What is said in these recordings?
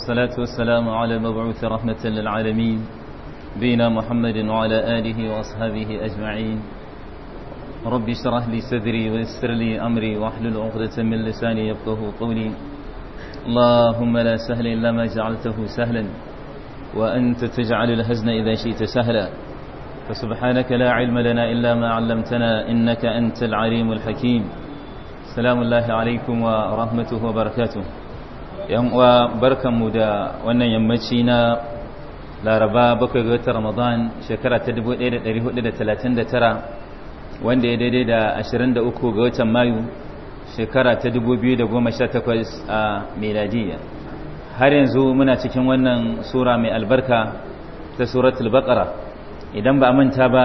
والصلاة والسلام على المبعوث رحمة للعالمين بين محمد وعلى آله وأصحابه أجمعين رب اشرح لي صدري ويسر لي أمري واحلل عقدة من لساني يفقه قولي اللهم لا سهل إلا ما جعلته سهلا وأنت تجعل الهزن إذا شئت سهلا فسبحانك لا علم لنا إلا ما علمتنا إنك أنت العليم الحكيم سلام الله عليكم ورحمته وبركاته yan uwa barkanmu da wannan yammaci na laraba bakwai ga watan ramadan shekara ta 1439 wanda ya daidai da 23 ga watan mayu shekara ta 2018 a meladiya har yanzu muna cikin wannan sura mai albarka ta suratul baqara idan ba a manta ba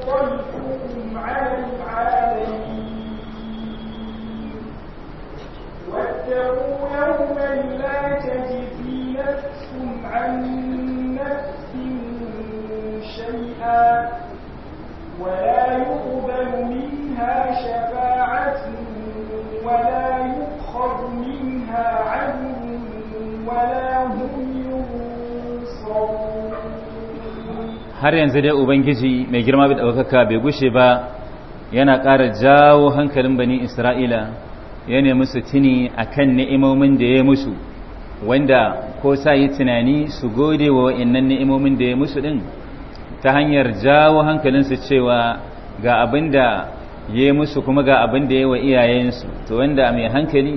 فضلتم عن العالمين واتقوا يوما لا تجزي نفس عن نفس شيئا ولا يقبل منها شفاعة ولا يؤخذ منها عدل har yanzu dai ubangiji mai girma da ɗaukaka bai gushe ba yana ƙara jawo hankalin bani isra'ila ya nemi su tuni a kan ni'imomin da ya musu wanda ko sa yi tunani su gode wa wa'innan ni'imomin da ya musu ɗin ta hanyar jawo hankalinsu cewa ga abin da ya yi musu kuma ga abin da ya wa iyayensu to wanda mai hankali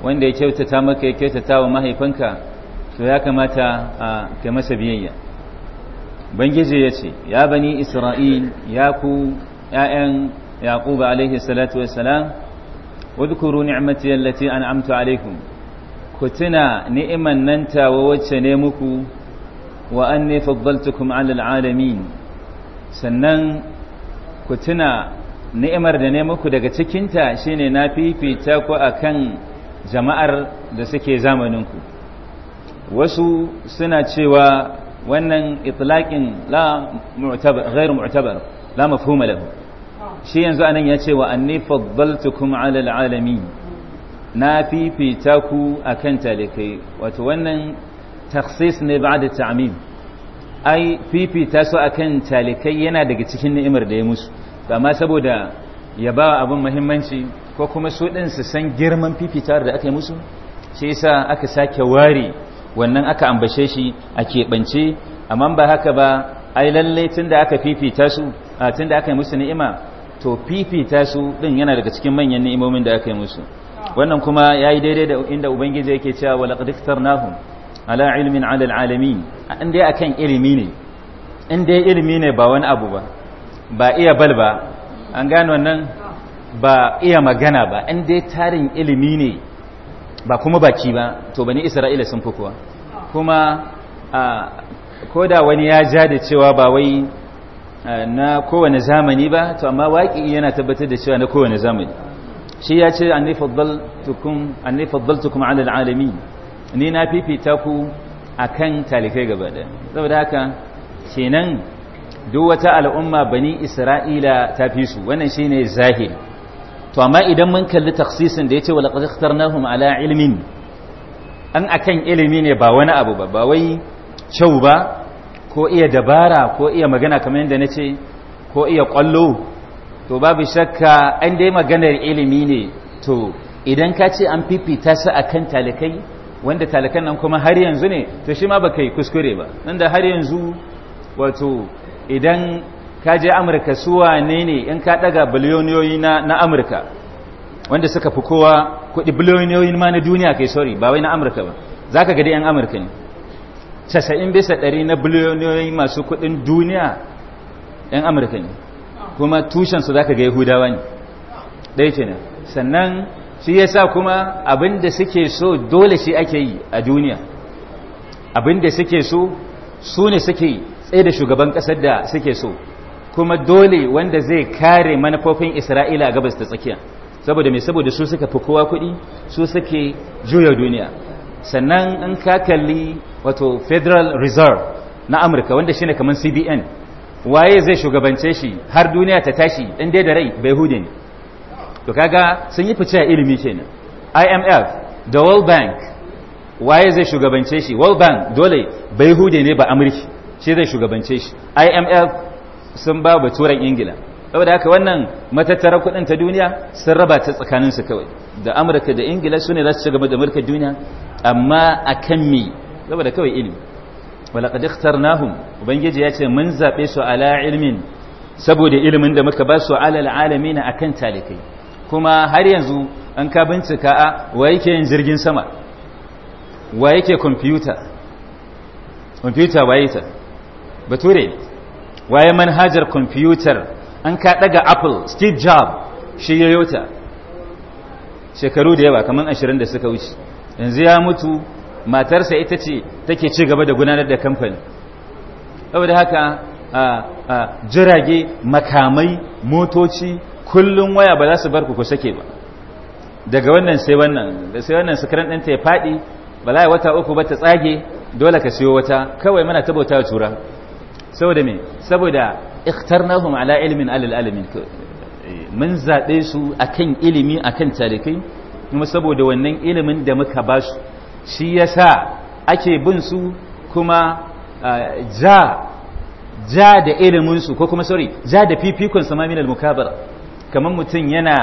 wanda ya kyautata maka ya kyautata wa mahaifanka to ya kamata a masa biyayya ubangiji ya ce ya bani isra'il ya ku ‘ya'yan yaƙuba alaihi salatu wassalam wadkuru ni'mati an an'amtu alaikum ku tuna ni'iman nan tawa wacce ne muku wa anni faddaltukum alal alamin sannan ku tuna ni'imar da ne muku daga cikinta shine na fifita ku kan jama'ar da suke zamaninku wasu suna cewa wannan itlaqin la mu'tabar ghairu mu'tabar la mafhuma lahu shi yanzu anan ya ce wa anni faddaltukum ala alalamin na fifita ku akan talikai wato wannan takhsis ne ba'da ta'mim ai fifita su akan talikai yana daga cikin ni'imar da ya musu amma saboda ya ba abin muhimmanci ko kuma su din su san girman fifita da aka yi musu shi yasa aka sake ware wannan aka ambace shi a keɓance amma ba haka ba ai lalle tunda aka fifita su tunda aka yi musu ni'ima to fifita su din yana daga cikin manyan ni'imomin da aka yi musu wannan kuma yayi daidai da inda ubangiji yake cewa wa laqad ikhtarnahum ala ilmin ala alalamin an dai akan ilimi ne in dai ilimi ne ba wani abu ba ba iya bal ba an gane wannan ba iya magana ba in dai tarin ilimi ne ba kuma baki ba to bani isra'ila sun fi kuwa kuma ko da wani ya ja da cewa ba wai na kowane zamani ba to amma waƙi yana tabbatar da cewa na kowane zamani shi ya ce ni faddaltukum tukun alalami ni na fifita ku a kan talikai gaba da saboda haka kenan duk wata al'umma bani isra'ila ta fi su wannan ne zahiri to amma idan mun kalli taksisin da ya ce walaƙar ikhtarnahum ala ilimin an akan ilimi ne ba wani abu ba ba wai kyau ba ko iya dabara ko iya magana kamar yadda na ce ko iya kwallo. to babu shakka an dai maganar ilimi ne to idan ka ce an fifita su akan talikai wanda talikan nan kuma har yanzu ne to shi ma baka yi kuskure ba nan har yanzu wato idan ka je amurka su wane ne in ka daga biliyoniyoyi na amurka wanda suka fi kowa kudi biliyoniyoyi ma na duniya kai sorry ba wai na amurka ba za ka gadi 'yan amurka ne casa'in bisa ɗari na biliyoniyoyi masu kudin duniya 'yan amurka ne kuma tushensu za ka ga yahudawa ne ɗaya kenan sannan shi sa kuma abin da suke so dole shi ake yi a duniya abin da suke so su ne suke tsaye da shugaban ƙasar da suke so kuma dole wanda zai kare manufofin isra'ila a gabas ta tsakiya saboda mai saboda su suka fi kowa kuɗi su suke juya duniya sannan in ka kalli wato federal reserve na amurka wanda shine kamar cbn waye zai shugabance shi har duniya ta tashi in dai da rai bai hude ne to kaga sun yi fice a ilimi kenan imf da world bank waye zai shugabance shi world bank dole bai hude ne ba amurki shi zai shugabance shi imf sun ba turan ingila saboda haka wannan matattara kudin ta duniya sun raba ta tsakaninsu kawai da amurka da ingila su ne za su ci gaba da mulkin duniya amma a kan me saboda kawai ilimi walaƙad nahu ubangiji ya ce mun zaɓe su ala ilmin saboda ilimin da muka ba su ala a akan talikai kuma har yanzu an ka bincika a wa yake yin jirgin sama wa yake kwamfuta kwamfuta waye ta bature waye manhajar kwamfutar an ka daga apple steve job shi ya shekaru da yawa kamar ashirin da suka wuce yanzu ya mutu matarsa ita ce take ci gaba da gudanar da kamfani saboda haka jirage makamai motoci kullum waya ba za su bar ku ku sake ba daga wannan sai wannan da sai wannan sukaran ɗanta ya faɗi ba wata uku ba ta tsage dole ka siyo wata kawai mana ta a tura saboda me saboda ikhtarnahum ala ilmin alal alamin mun zabe su akan ilimi akan tarikai kuma saboda wannan ilimin da muka ba su shi yasa ake bin su kuma ja ja da ilimin su ko kuma sorry ja da fifikon sama min al-mukabara kaman mutun yana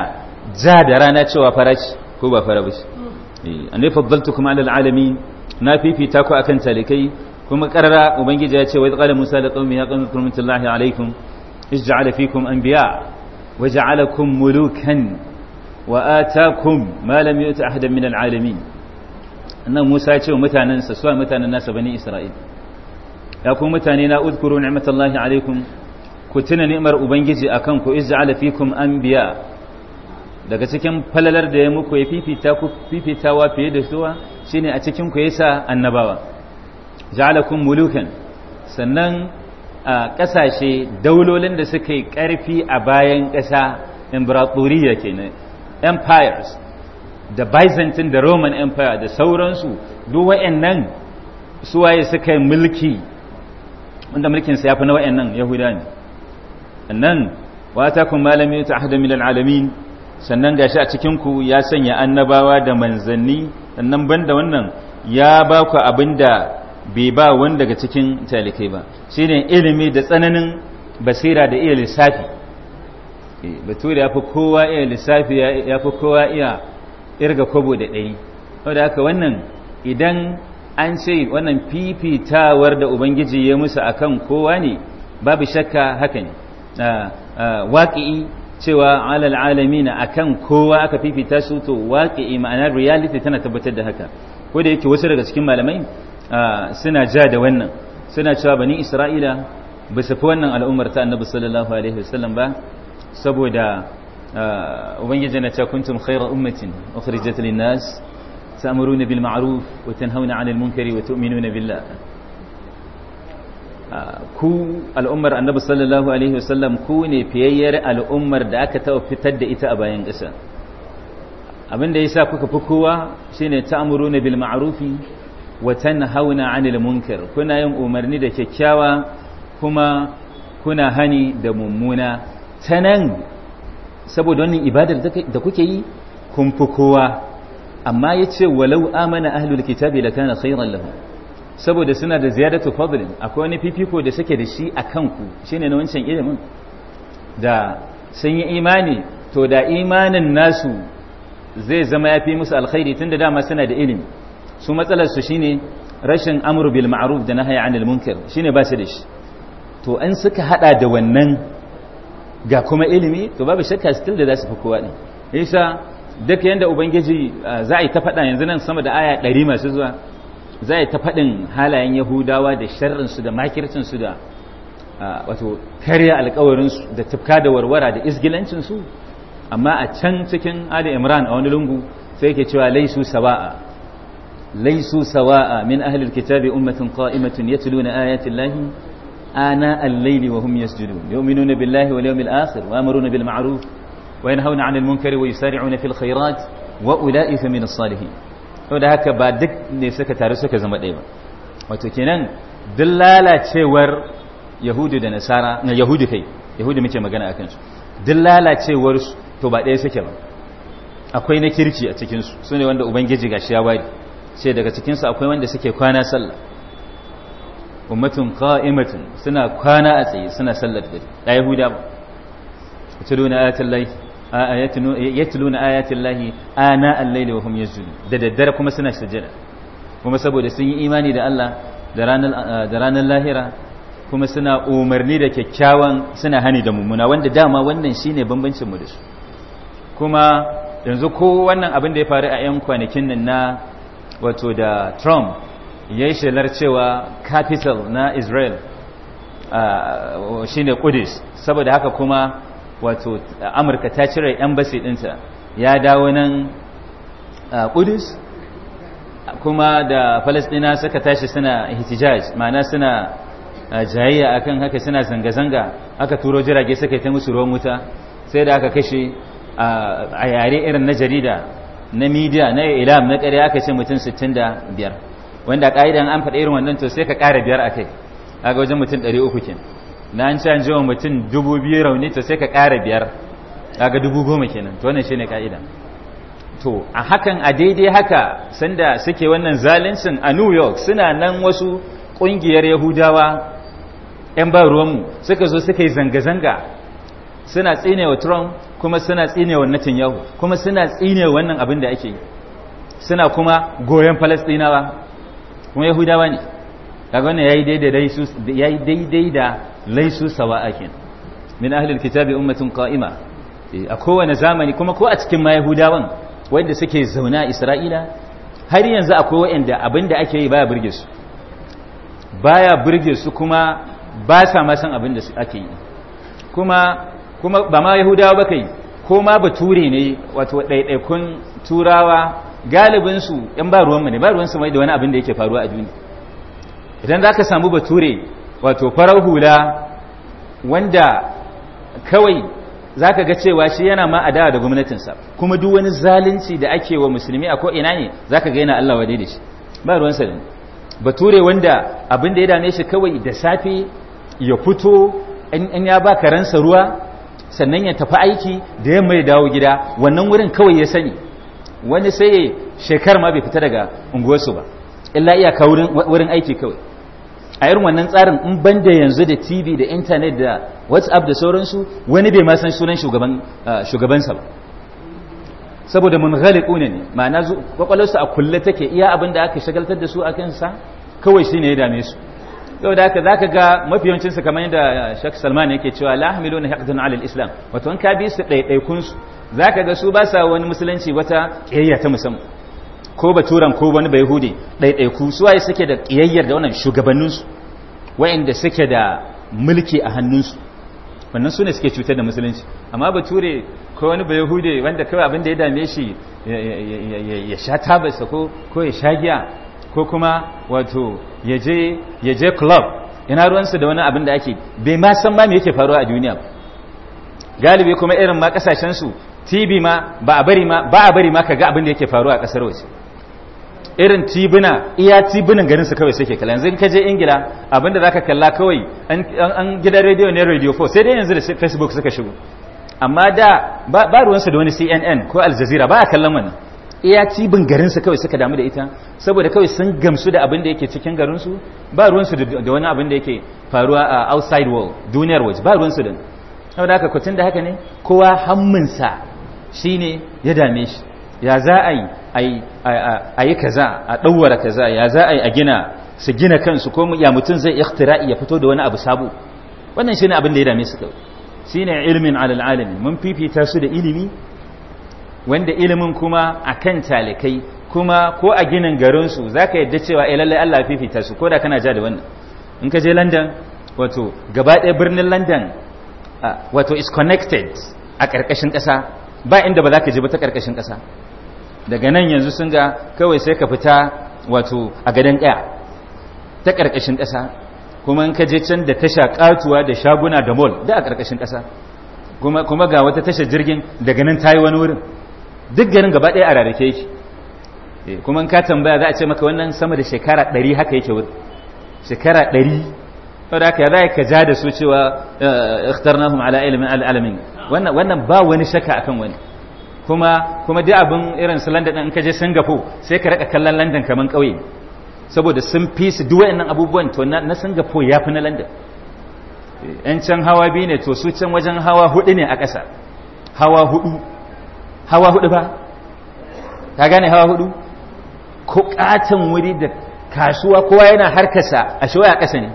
ja da rana cewa farashi ko ba fara bace annabi mm. eh, faddaltukum ala al-alamin na fifita ku akan talikai kuma karara ubangiji ya ce wa qala musa da qaumi ya qawmi kurmatullahi alaikum ij'ala fikum anbiya wa ja'alakum mulukan wa atakum ma lam yu'ti ahadan min alalamin annan musa ya ce wa mutanen sa su mutanen nasa bani isra'il ya ku mutane na udkuru ni'matallahi alaikum ku tuna ni'mar ubangiji akan ku ij'ala fikum anbiya daga cikin falalar da ya muku ya fifita ku fifitawa fiye da suwa shine a cikin ku yasa annabawa ja'alakum mulukan sannan a ƙasashe daulolin da suka yi karfi a bayan ƙasa imbratoriya kenan empires da byzantine da roman empire da sauransu duk wa'annan suwaye suka yi mulki wanda sa ya fi na wa'annan yahuda ne annan ta kun malami ta ahadu milal alamin sannan shi a cikinku ya sanya annabawa da manzanni sannan banda wannan ya ba ku abin da bai ba wani daga cikin talikai ba shine ilimi da tsananin basira da iya lissafi eh, bature ya fi kowa iya lissafi ya fi kowa iya irga kobo da ɗari wadda haka wannan idan an ce wannan fifitawar da ubangiji ya musu akan kowa ne babu shakka haka ne ah, ah, waƙi'i cewa alal na akan kowa aka fifita su to waƙi'i ma'anar reality tana tabbatar da haka ko da yake wasu daga cikin malamai suna ja da wannan suna cewa bani isra'ila ba su fi wannan al'ummar ta annabi sallallahu alaihi wasallam ba saboda ubangiji na cewa kuntum khayra ummatin ukhrijat lin nas ta'muruna bil ma'ruf wa tanhauna 'anil munkari wa tu'minuna billah ku al'ummar annabi sallallahu alaihi wasallam ku ne fiyayyar al'ummar da aka taɓa fitar da ita a bayan ƙasa abin da yasa kuka fi kowa shine ta'muruna bil ma'rufi Watan hauna 'anil munkar kuna yin umarni da kyakkyawa kuma kuna hani da mummuna nan saboda wannan ibadar da kuke yi kun fi kowa amma yace walau amana ahlul kitabi lakana khairan lahu. saboda suna da ziyadatu fadlin akwai wani fifiko da suke da shi a ku shine na wancan ilimin da sun yi imani to da imanin nasu zai zama ya fi musu alkhairi tun da dama suna da ilimi su matsalar su shine rashin amru bil ma'ruf da nahyi anil munkar shine ba shi da shi to an suka hada da wannan ga kuma ilimi to babu shakka still da za su fi kowa din isa duk yanda ubangiji za a yi ta faɗa yanzu nan sama da aya ɗari masu zuwa za a yi ta faɗin halayen yahudawa da sharrinsu da su da wato karya su da tufka da warwara da su amma a can cikin ali imran a wani lungu sai ke cewa laisu saba'a laisu sawa'a min ahlil kitabi ummatun qa'imatun yatluna ayati llahi ana al-layli wa hum yasjudun yu'minuna billahi wal yawmil akhir wa yamuruna bil ma'ruf wa yanhauna 'anil munkari wa yusari'una fil khairat wa ulai fa min as-salihin to da haka ba duk ne suka taru suka zama ɗaya ba wato kenan duk yahudu da nasara yahudu kai yahudu muke magana akan su duk lalacewar to ba ɗaya suke ba akwai na kirki a cikinsu su sune wanda ubangiji gashi ya wari sai daga cikinsu akwai wanda suke kwana sallah ummatun qa'imatun suna kwana a tsaye suna sallar dare da yahuda ba yatluna ayatul lahi ayatun yatluna ayatul lahi ana al-layli wa hum yasjudun da daddare kuma suna sujada kuma saboda sun yi imani da Allah da ranar da ranar lahira kuma suna umarni da kyakkyawan suna hani da mummuna wanda dama wannan shine bambancin mu da su kuma yanzu ko wannan abin da ya faru a 'yan kwanakin nan na wato da trump ya yi shelar cewa capital na israel shi ne saboda haka kuma wato amurka ta cire embassy dinta ya dawo nan kudus kuma da palestina suka tashi suna hitijaj ma'ana suna jayayya akan haka suna zanga-zanga aka turo jirage suka yi ta musu ruwan wuta sai da aka kashe a yare irin na jarida na media na ilam na ƙarya aka ce mutum 65 wanda ƙa'idan an faɗa irin wannan to sai ka ƙara biyar a kai a ga wajen mutum 300 ke na an ci wa jiwa mutum 2000 rauni to sai ka ƙara biyar a ga 10,000 kenan to wannan shi ne ƙa'ida to a hakan a daidai haka sanda suke wannan zalincin a new york suna nan wasu ƙungiyar yahudawa 'yan ba ruwanmu suka zo suka yi zanga-zanga suna wa trump kuma suna tsine wa yahu kuma suna tsine wannan abin da ake suna kuma goyon Falastinawa kuma Yahudawa ne daga wannan yayi daidai da laisusawa yayi daidai da laisu sawa'akin min ahli alkitabi ummatun qa'ima eh, a kowane zamani kuma ko a cikin ma Yahudawan wanda suke zauna a Isra'ila har yanzu akwai waɗanda abin da ake yi baya burge su baya burge su kuma ba sa ma san abin da ake yi kuma kuma ba ma yahudawa ba kai ko ma bature ne wato ɗaiɗaikun turawa galibinsu yan ba ruwanmu ne ba su mai da wani abin da yake faruwa a duniya idan za ka samu bature wato farar hula wanda kawai za ka ga cewa shi yana ma adawa da gwamnatinsa kuma duk wani zalunci da ake wa musulmi a ko'ina ne za ka ga yana Allah wadai da shi ba ruwansa da bature wanda abin da ya dame shi kawai da safe ya fito in ya ba ransa ruwa sannan ya tafi aiki da yamma ya dawo gida wannan wurin kawai ya sani wani sai shekar ma bai fita daga unguwarsu ba illa iyaka wurin aiki kawai a irin wannan tsarin in ban da yanzu da tv da intanet da whatsapp da sauransu wani bai ma san sunan ah, shugabansa ba saboda mun ne ma'ana kwakwalarsu a kulle take iya abin da aka shagaltar da su a kansa kawai shi ne ya dame su saboda haka zaka ga mafiyancin su kamar yadda eh, Sheikh Salman yake cewa la hamiluna haqdan ala al-islam wato an ka bi su kun su zaka ga su ba sa wani musulunci wata kiyayya ta musamman ko baturan ko wani bai hude ku su waye suke da kiyayyar da wannan shugabannin su wayanda suke da mulki a hannun su wannan su suke cutar da musulunci amma bature ko wani bai hude wanda kawai abin da ya dame shi ya sha tabarsa ko ya sha giya ko kuma wato yaje je club ina ruwansu da wani abin da ake bai ma san ma me yake faruwa a duniya galibi kuma irin ma kasashen su TV ma ba a bari ma ba a abin da yake faruwa a kasar waje irin tibuna iya tibunan garin su kawai suke kala yanzu ka je ingila abinda ka kalla kawai an gidan radio ne radio 4 sai dai yanzu da facebook suka shigo amma da ba ruwansu da wani cnn ko Aljazira ba a kallon wannan iya cibin garinsu kawai suka damu da ita saboda kawai sun gamsu da abin da yake cikin garinsu ba ruwansu da wani abin da yake faruwa a outside world duniyar waje ba ruwansu din saboda haka kwacin da haka ne kowa hamminsa shi ne ya dame shi ya za a yi a yi kaza a ɗauwara kaza ya za a yi a gina su gina kansu ko ya mutum zai ikhtira'i ya fito da wani abu sabo wannan shi ne abin da ya dame su kawai shi ne ilimin alal'alami mun fifita su da ilimi wanda ilimin kuma a kan talikai kuma ko a ginin garinsu za ka yadda cewa eh lallai Allah fifita su ko da kana ja da wannan in ka je London wato gaba birnin London wato is connected a ƙarƙashin ƙasa ba inda ba za ka je ba ta ƙarƙashin ƙasa daga nan yanzu sun ga kawai sai ka fita wato a gadon ƙaya ta ƙarƙashin ƙasa kuma in ka je can da tasha ƙatuwa da shaguna da mall da a ƙarƙashin ƙasa kuma ga wata tasha jirgin daga nan ta yi wani wurin duk garin gaba ɗaya a rarrake yake eh, kuma in ka tambaya za a ce maka wannan sama da shekara ɗari haka yake wuri shekara ɗari saboda haka za a ka ja da su cewa eh, ikhtarnahum ala ilmin alamin wannan wannan ba wani shaka akan wani kuma kuma duk abin irin su London in ka je Singapore sai ka raka kallon London kamar ƙauye saboda sun fi su duwa wayannan abubuwan to na Singapore fi na London yan eh, can hawa biyu ne to su can wajen hawa hudu ne a ƙasa hawa hudu hawa hudu ba ta gane hawa hudu ko katon wuri da kasuwa kowa yana harkasa a shawaya ƙasa ne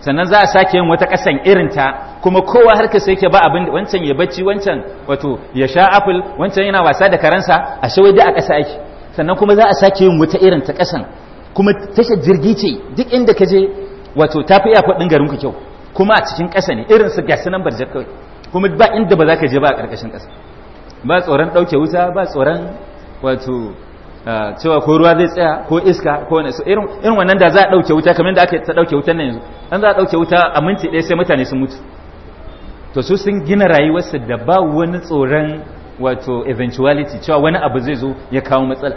sannan za a sake yin wata ƙasan irinta kuma kowa harkasa yake ba abin wancan ya bacci wancan wato ya sha apple wancan yana wasa da karansa a shawai da a ƙasa ake sannan kuma za a sake yin wata irin ta ƙasan kuma tashar jirgi ce duk inda ka je wato ta fi iyakwa ɗin garinku kyau kuma a cikin ƙasa ne irin su gasu nan barjar kawai kuma ba inda ba za ka je ba a ƙarƙashin ƙasa ba tsoron ɗauke wuta ba tsoron wato cewa ko ruwa zai tsaya ko iska ko wani su irin wannan da za a ɗauke wuta kamar da aka ta ɗauke wutan nan yanzu an za a ɗauke wuta a minti ɗaya sai mutane sun mutu to su sun gina rayuwarsu da ba wani tsoron wato eventuality cewa wani abu zai zo ya kawo matsala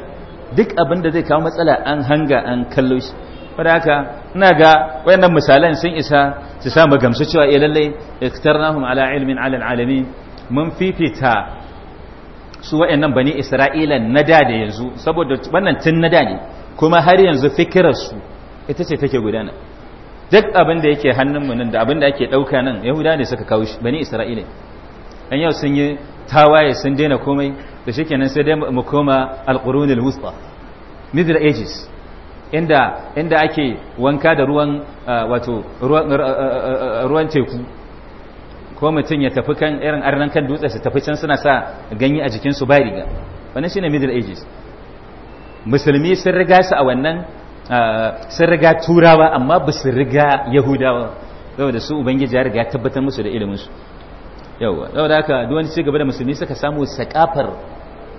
duk abin da zai kawo matsala an hanga an kallo shi wadda haka ina ga wayannan misalan sun isa su samu gamsu cewa eh lallai iktarnahum ala ilmin ala alamin mun fifita su waɗannan bani isra'ila na da yanzu saboda wannan tun na da ne kuma har yanzu fikirarsu ita ce take gudana duk abin da yake hannunmu nan da abin da ake ɗauka nan yahuda ne suka kawo shi bani isra'ila an yau sun yi tawaye sun daina komai da shi kenan sai dai mu koma alƙurunin wusta middle ages inda inda ake wanka da ruwan ah, wato ruwan ah, ah, teku ko mutum ya tafi kan irin arnan kan dutse su tafi can suna sa ganye a jikinsu ba riga wannan shine middle ages musulmi sun riga su a wannan ah, sun riga turawa amma ba su riga yahudawa saboda su ubangiji ya riga tabbatar musu da iliminsu yawa saboda haka duk wani gaba da musulmi suka samu sakafar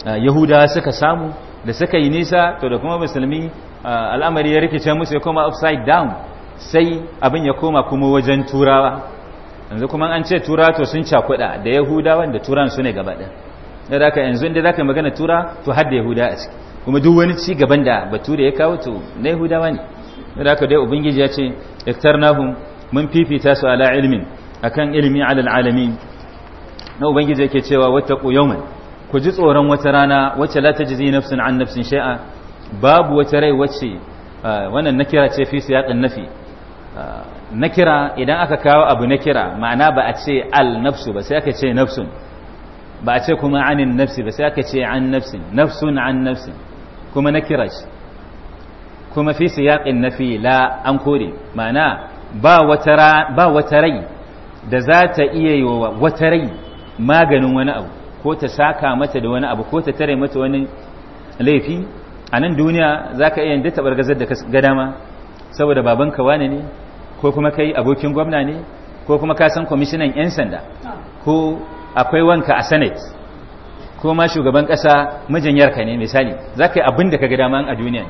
ah, yahudawa suka samu da suka yi nisa to da kuma musulmi ah, al'amari ya rikice musu ya koma upside down sai abin ya koma kuma wajen turawa yanzu kuma an ce tura to sun cakuɗa da yahudawa da turan su ne gaba ɗin da haka yanzu inda za ka magana tura to hadda yahuda a ciki kuma duk wani ci gaban da da ya kawo to na yahudawa ne da haka dai ubangiji ya ce iktarnahum mun fifita su ala a akan ilimin ala alamin na ubangiji yake cewa wata yawman ku ji tsoron wata rana wacce la jizi nafsin an nafsin shay'a babu wata rai wacce ah, wannan nakira ce fi siyaƙin nafi ah, Na kira idan aka kawo abu na kira ma'ana ba a ce al nafsu ba sai aka ce nafsun ba a ce kuma anin nafsi ba sai aka ce an nafsin nafsun an nafsin kuma nakira ce kuma fi siyaqin nafi la an kore ma'ana ba wata rai da za ta iya yi wa wata rai maganin wani abu ko ta saka mata da wani abu ko ta tare mata wani laifi a nan duniya za ka iya yin da taɓar gazar da ka dama saboda babanka wane ne ko kuma kai abokin gwamna ne ko kuma ka san kwamishinan 'yan sanda ko akwai wanka a senate ko ma shugaban ƙasa mijin ne misali za ka yi abin da ka ga dama a duniya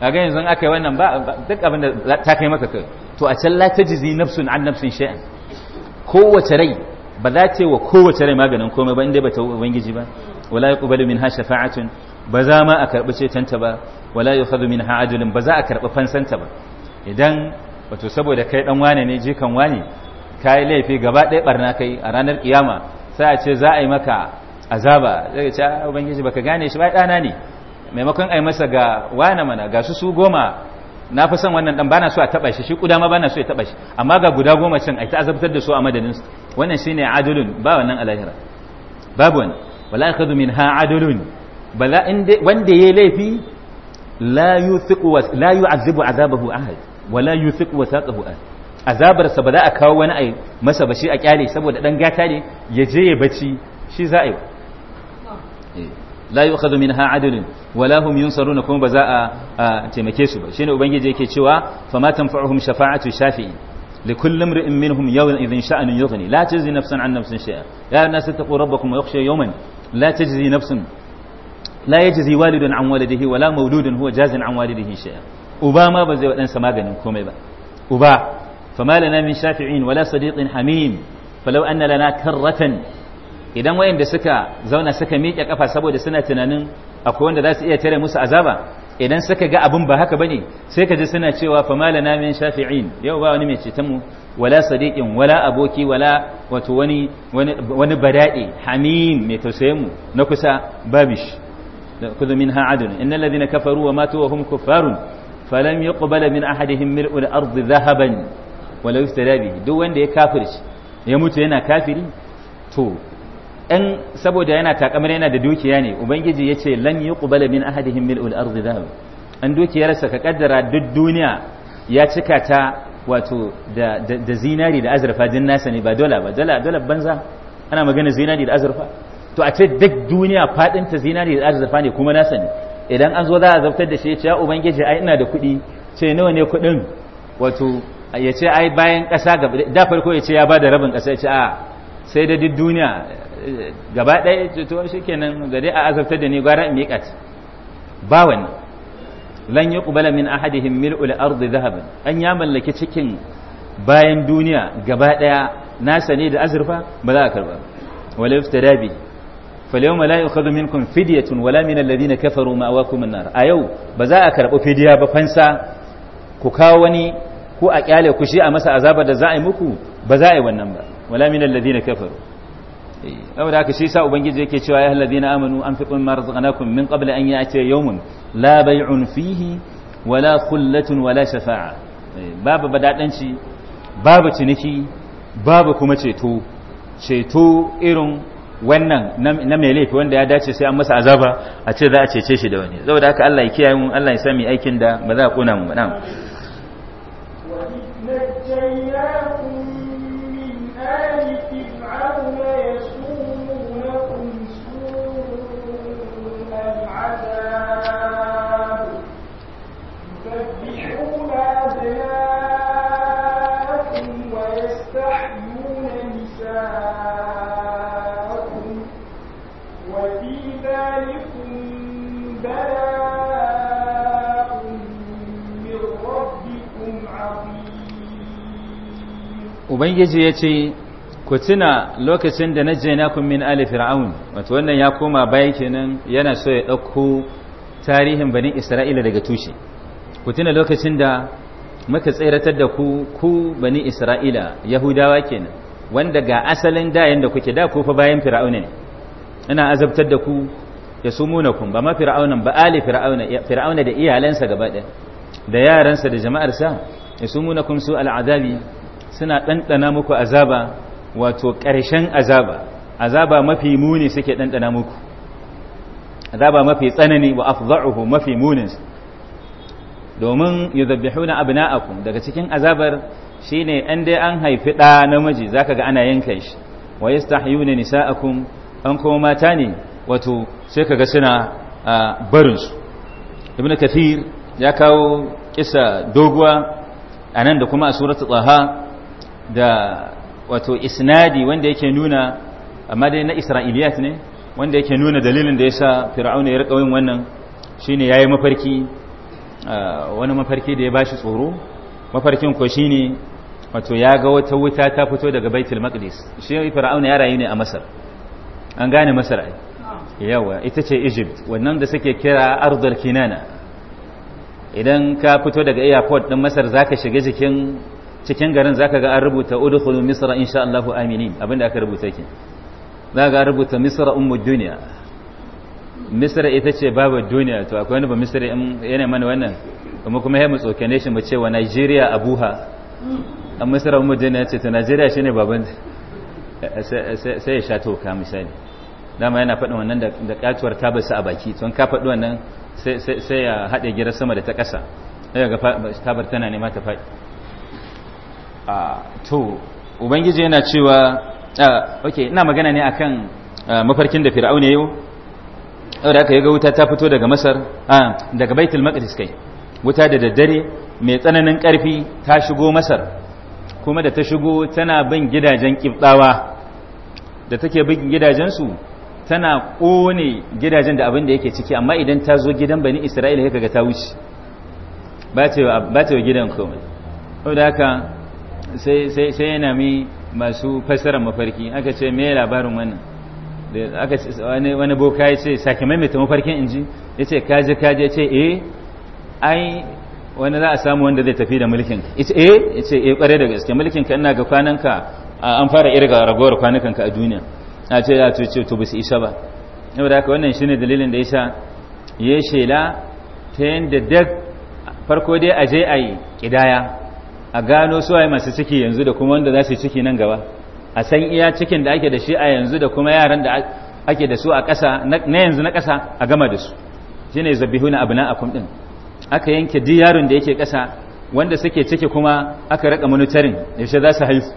a ganin yanzu aka yi wannan ba duk abin da ta kai maka kai to a can la jizi nafsun an nafsun sha'an. kowace rai ba za ta yi wa kowace rai maganin komai ba inda ba ta ubangiji ba wala min ha shafa'atun ba za ma a karɓi cetanta ba wala min ha adlun ba za a karɓi fansanta ba idan wato saboda kai dan wane ne jikan wane kai laifi gaba ɗaya barna kai a ranar kiyama sai a ce za a yi maka azaba zai ce ah, ubangiji baka gane shi ba dana ne maimakon a yi masa ga wane mana ga su su goma na fi son wannan dan bana so a taba shi shi kuda ma bana so ya taba shi amma ga guda goma can ai ta azabtar da su a madadin su wannan shine adalun ba wannan alahira babu wani wala akhadhu minha adalun bala wanda yayi laifi la yuthiqu la yu'azibu azabahu ahad wala yuthiq wasaqahu an azabar sa ba za a kawo wani ai masa ba a kyale saboda dan gata ne ya je ya bacci shi za a yi eh, la yu'khadhu minha adlun wala hum yunsaruna kuma ba za a taimake su ba shine ubangiji yake cewa fama tanfa'uhum shafa'atu shafi'in لكل امرئ منهم يومئذ شأن يغني لا تجزي نفسا عن نفس شيئا يا الناس اتقوا ربكم ويخشى يوما لا تجزي نفس لا يجزي والد عن والده ولا مولود هو جاز عن والده شيئا uba ma ba zai waɗansa maganin komai ba uba fama lana min shafi'in wala sadiqin hamim falau anna lana karratan idan wayanda suka zauna suka miƙe kafa saboda suna tunanin akwai wanda za su iya tare musu azaba idan suka ga abin ba haka bane sai ka ji suna cewa fama lana min shafi'in yau ba wani mai ceton mu wala sadiqin wala aboki wala wato wani wani bada'i hamim mai tausayin mu na kusa babish kudu minha adun innal ladina kafaru wa matu wa hum kuffarun falam yuqbala min ahadihim mil'ul ardi dhahaban wala yuftada bihi duk wanda ya kafirci ya mutu yana kafiri to in saboda yana takamar yana da dukiya ne ubangiji ya ce lan yuqbala min ahadihim mil'ul ardi dhahab an dukiyarsa ka kaddara duk duniya ya cika ta wato da, zinari da azurfa din nasa ba dola ba dola banza ana magana zinari da azurfa to a ce duk duniya fadin ta zinari da azurfa ne kuma nasani. idan an zo za a zaftar da shi ya ce ya ubangiji ai ina da kuɗi ce nawa ne kuɗin wato ya ce ai bayan ƙasa da farko ya ce ya ba da rabin ƙasa ya ce a sai da duk duniya gaba ɗaya to shi kenan gari a azabtar da ni gwara in miƙat ba wani lan yi ƙubala min ahadihim mil'ul ardi zahabin an ya mallaki cikin bayan duniya gaba ɗaya nasa ne da azurfa ba za a karba wala yuftara فاليوم لا يؤخذ منكم فدية ولا من الذين كفروا مأواكم النار أيو بزاء كرب فدية بفنسا كوكاوني كو أكالي كشيء مسا عذاب دزاء مكو بزاء والنمبر ولا من الذين كفروا أو ذاك الشيء ساء بنجد يكي شوى أهل الذين آمنوا أنفقوا ما رزقناكم من قبل أن يأتي يوم لا بيع فيه ولا خلة ولا شفاعة باب بدأت أنشي باب تنكي باب كما تشيتو تشيتو إيرون wannan na mai laifi wanda ya dace sai an masa azaba a ce za a cece shi da wani saboda haka Allah ya kiyaye mu Allah ya sami aikin da ba za a kona mu ba na'am min ubangiji ya ce ku tuna lokacin da na je na kun min ali fir'aun wato wannan ya koma bayan kenan yana so ya ɗauko tarihin bani isra'ila daga tushe ku tuna lokacin da muka tseratar da ku ku bani isra'ila yahudawa kenan wanda ga asalin dayan da kuke da ku fa bayan fir'auna ne ina azabtar da ku ya kun ba ma fir'aunan ba ali fir'auna fir'auna da iyalansa gaba da yaransa da jama'arsa ya kun su al'adabi suna ɗanɗana muku azaba wato ƙarshen azaba azaba mafi muni suke ɗanɗana muku azaba mafi tsanani wa afdha'uhu mafi munin domin na abna'akum daga cikin azabar shine an dai an haifi ɗa namiji zaka ga ana yanka shi wa nisa aku an kuma mata ne wato sai ka ga suna barinsu. ibn ibnu kathir ya kawo kisa doguwa anan da kuma a suratu tsaha. da wato isnadi wanda yake nuna amma dai na isra'iliyat ne wanda yake nuna dalilin da ya sa fir'auna ya rika yin wannan shine yayi mafarki wani mafarki da ya bashi tsoro mafarkin ko shine wato ya ga wata wuta ta fito daga baitul maqdis shi fir'auna ya rayu ne a masar an gane masar ai yawa ita ce egypt wannan da suke kira ardul kinana idan ka fito daga airport din masar zaka shiga jikin cikin garin zaka ga an rubuta udkhulu misra insha Allahu aminin abinda aka rubuta ke zaka ga rubuta misra ummu dunya misra ita ce babu duniya to akwai wani ba misra yana mana wannan kuma kuma ya mu ne shi mu ce wa Nigeria abuha an misra ummu dunya ce to Nigeria shine baban sai ya sha ka misali dama yana faɗin wannan da katuwar ta basu a baki to ka faɗi wannan sai ya haɗe gira sama da ta ƙasa sai ga tabar tana nema ta faɗi Ah, to ubangiji yana cewa ah, ok ina magana ne akan ah, mafarkin da fir'auna yau da aka ga wuta ta fito daga masar daga baitul maqdis kai wuta da daddare mai tsananin karfi ta shigo masar kuma da ta shigo tana bin gidajen kibdawa da take bin gidajensu tana kone gidajen da abin da yake ciki amma idan ta zo gidan bani isra'ila ya kaga ta wuce ba ta wa gidan komai haka sai sai yana mi masu fassara mafarki aka ce me labarin wannan aka ce wani boka yace ce sakimai mai mafarkin inji yace ce kaje yace ce eh ai wani za a samu wanda zai tafi da mulkin yace eh yace ce eh kware eh, da gaske mulkin ka ina ga kwanan ka an fara irga ragowar kwanan ka a duniya a ce ya ce to bisi isa ba yau da haka wannan shine dalilin da yasa ya shela ta yadda duk farko dai a je a kidaya a gano suwaye masu ciki yanzu da kuma wanda za su ciki nan gaba a san iya cikin da ake da shi a yanzu da kuma yaran da ake da su a ƙasa na yanzu na ƙasa a gama da su shine ne zabihu na abu na ɗin aka yanke di yaron da yake ƙasa wanda suke ciki kuma aka raka monitoring yaushe za su haihu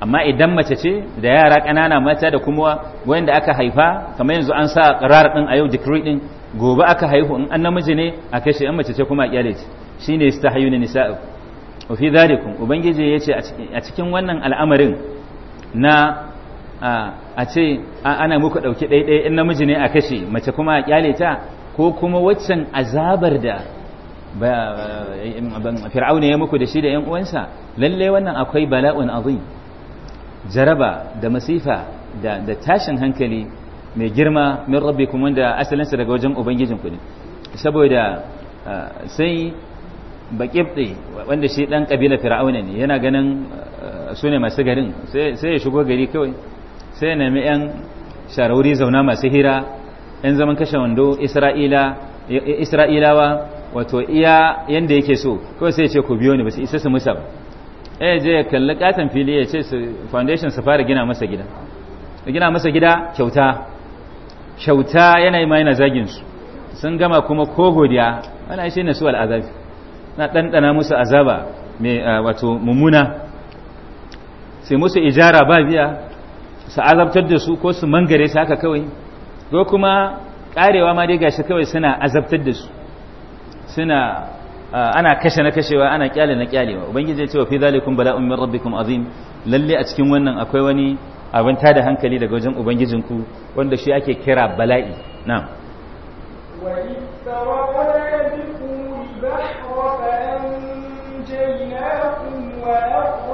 amma idan mace ce da yara ƙanana mata da kuma wanda aka haifa kamar yanzu an sa ƙarar ɗin a yau decree ɗin gobe aka haihu in an namiji ne a kai shi mace ce kuma a ƙyale ce shine istahyuna nisa'akum wa fi dhalikum ubangiji yace a cikin wannan al'amarin na a ce ana muku ɗaya ɗaiɗai in namiji ne a kashe mace kuma a kyale ta ko kuma waccan azabar da fir'auna ya muku da shi da 'yan uwansa lalle wannan akwai bala'un azim jaraba da masifa da tashin hankali mai girma min kuma da asalinsa daga wajen ku ne saboda sai baƙibɗe wanda shi ɗan ƙabila fir'auna ne yana ganin eh, su ne masu garin sai ya shigo gari kawai sai ya nemi 'yan sharauri zauna masu hira 'yan zaman kashe wando isra'ilawa wato iya yadda yake so kawai sai ya ce ku biyo ne ba su isa su musa ba eh, ya je ya kalli katon fili ya ce foundation su fara gina masa gida gina masa gida kyauta kyauta yanayi ma yana su sun gama kuma ko godiya ana shi ne su al'azabi na ɗanɗana musu azaba mai wato mummuna sai musu ijara ba biya su azabtar da su ko su mangare su haka kawai ko kuma ƙarewa ma dai gashi kawai suna azabtar da su suna ana kashe na kashewa ana kyale na kyalewa ubangiji ya ce wa fi zalikum bala'un min rabbikum azim lalle a cikin wannan akwai wani abin tada hankali daga wajen ubangijinku wanda shi ake kira bala'i na'am wa أَبْنَاءَكُمْ وَأَخْوَانَكُمْ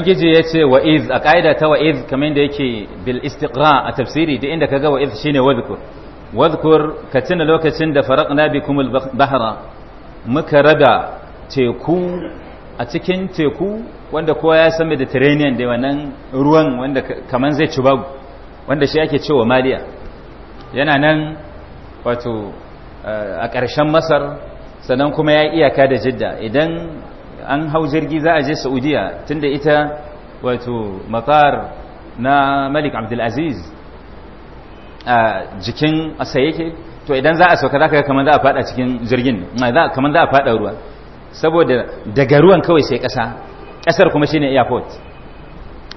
ubangiji ya ce wa iz a ƙa'ida ta wa iz kamar da yake bil istiqra a tafsiri da inda kaga wa iz shine wadhkur wadhkur ka tuna lokacin da faraqna bikum al bahra muka raga teku a cikin teku wanda kowa ya san Mediterranean da wannan ruwan wanda kaman zai ci bagu wanda shi ake cewa maliya yana nan wato eh, a ƙarshen masar sannan kuma ya iyaka da jidda idan an hau jirgi za a je saudiya tunda ita wato matar na malik abdulaziz a jikin asa yake to idan za a sauka za ka ga kamar za a fada cikin jirgin kamar za a fada ruwa saboda daga ruwan kawai sai kasa kasar kuma shine airport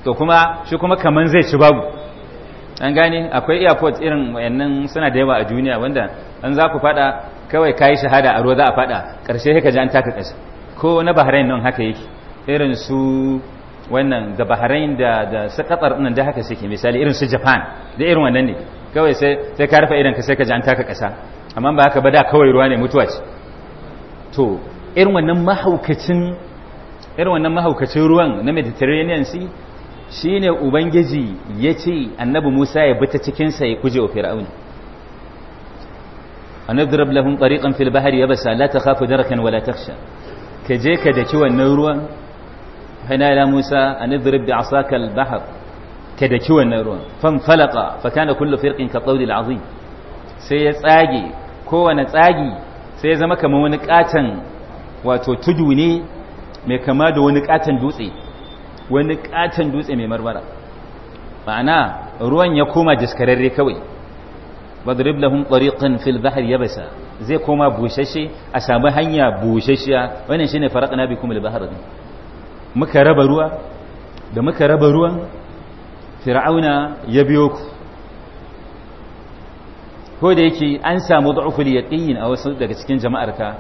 to kuma shi kuma kamar zai ci babu an gane akwai airport irin wayannan suna da yawa a duniya wanda an za ku fada kawai kayi shahada a ruwa za a fada karshe sai ka ji an taka ƙasa ko na bahrain nan haka yake irin su wannan da bahrain da da su qatar ɗin da haka suke misali irin su japan da irin wannan ne kawai sai sai ka rufe idan ka sai ka ji an taka kasa amma ba haka ba da kawai ruwa ne mutuwa ce to irin wannan mahaukacin irin wannan mahaukacin ruwan na mediterranean sea shine ubangiji ya ce annabi musa ya bi ta cikinsa ya kuje wa fir'auna an yadrib lahum tariqan fil bahri yabasa la takhafu darakan wala takhsha ka je ka daki wannan ruwan hana ila musa an idrib bi asaka al bahr ka daki wannan ruwan fan falaqa fa kana kullu firqin ka tawdil azim sai ya tsage kowane tsagi sai ya zama kamar wani katan wato tudu ne mai kama da wani katan dutse wani katon dutse mai marmara ma'ana ruwan ya koma diskararre kawai wadrib lahum tariqan fil bahr yabasa zai koma bushashe a sami hanya bushashiya wannan shine faraqna bikum al-bahr muka raba ruwa da muka raba ruwan fir'auna ya biyo ku ko da yake an samu da'uful yaqin a wasu daga cikin jama'ar ka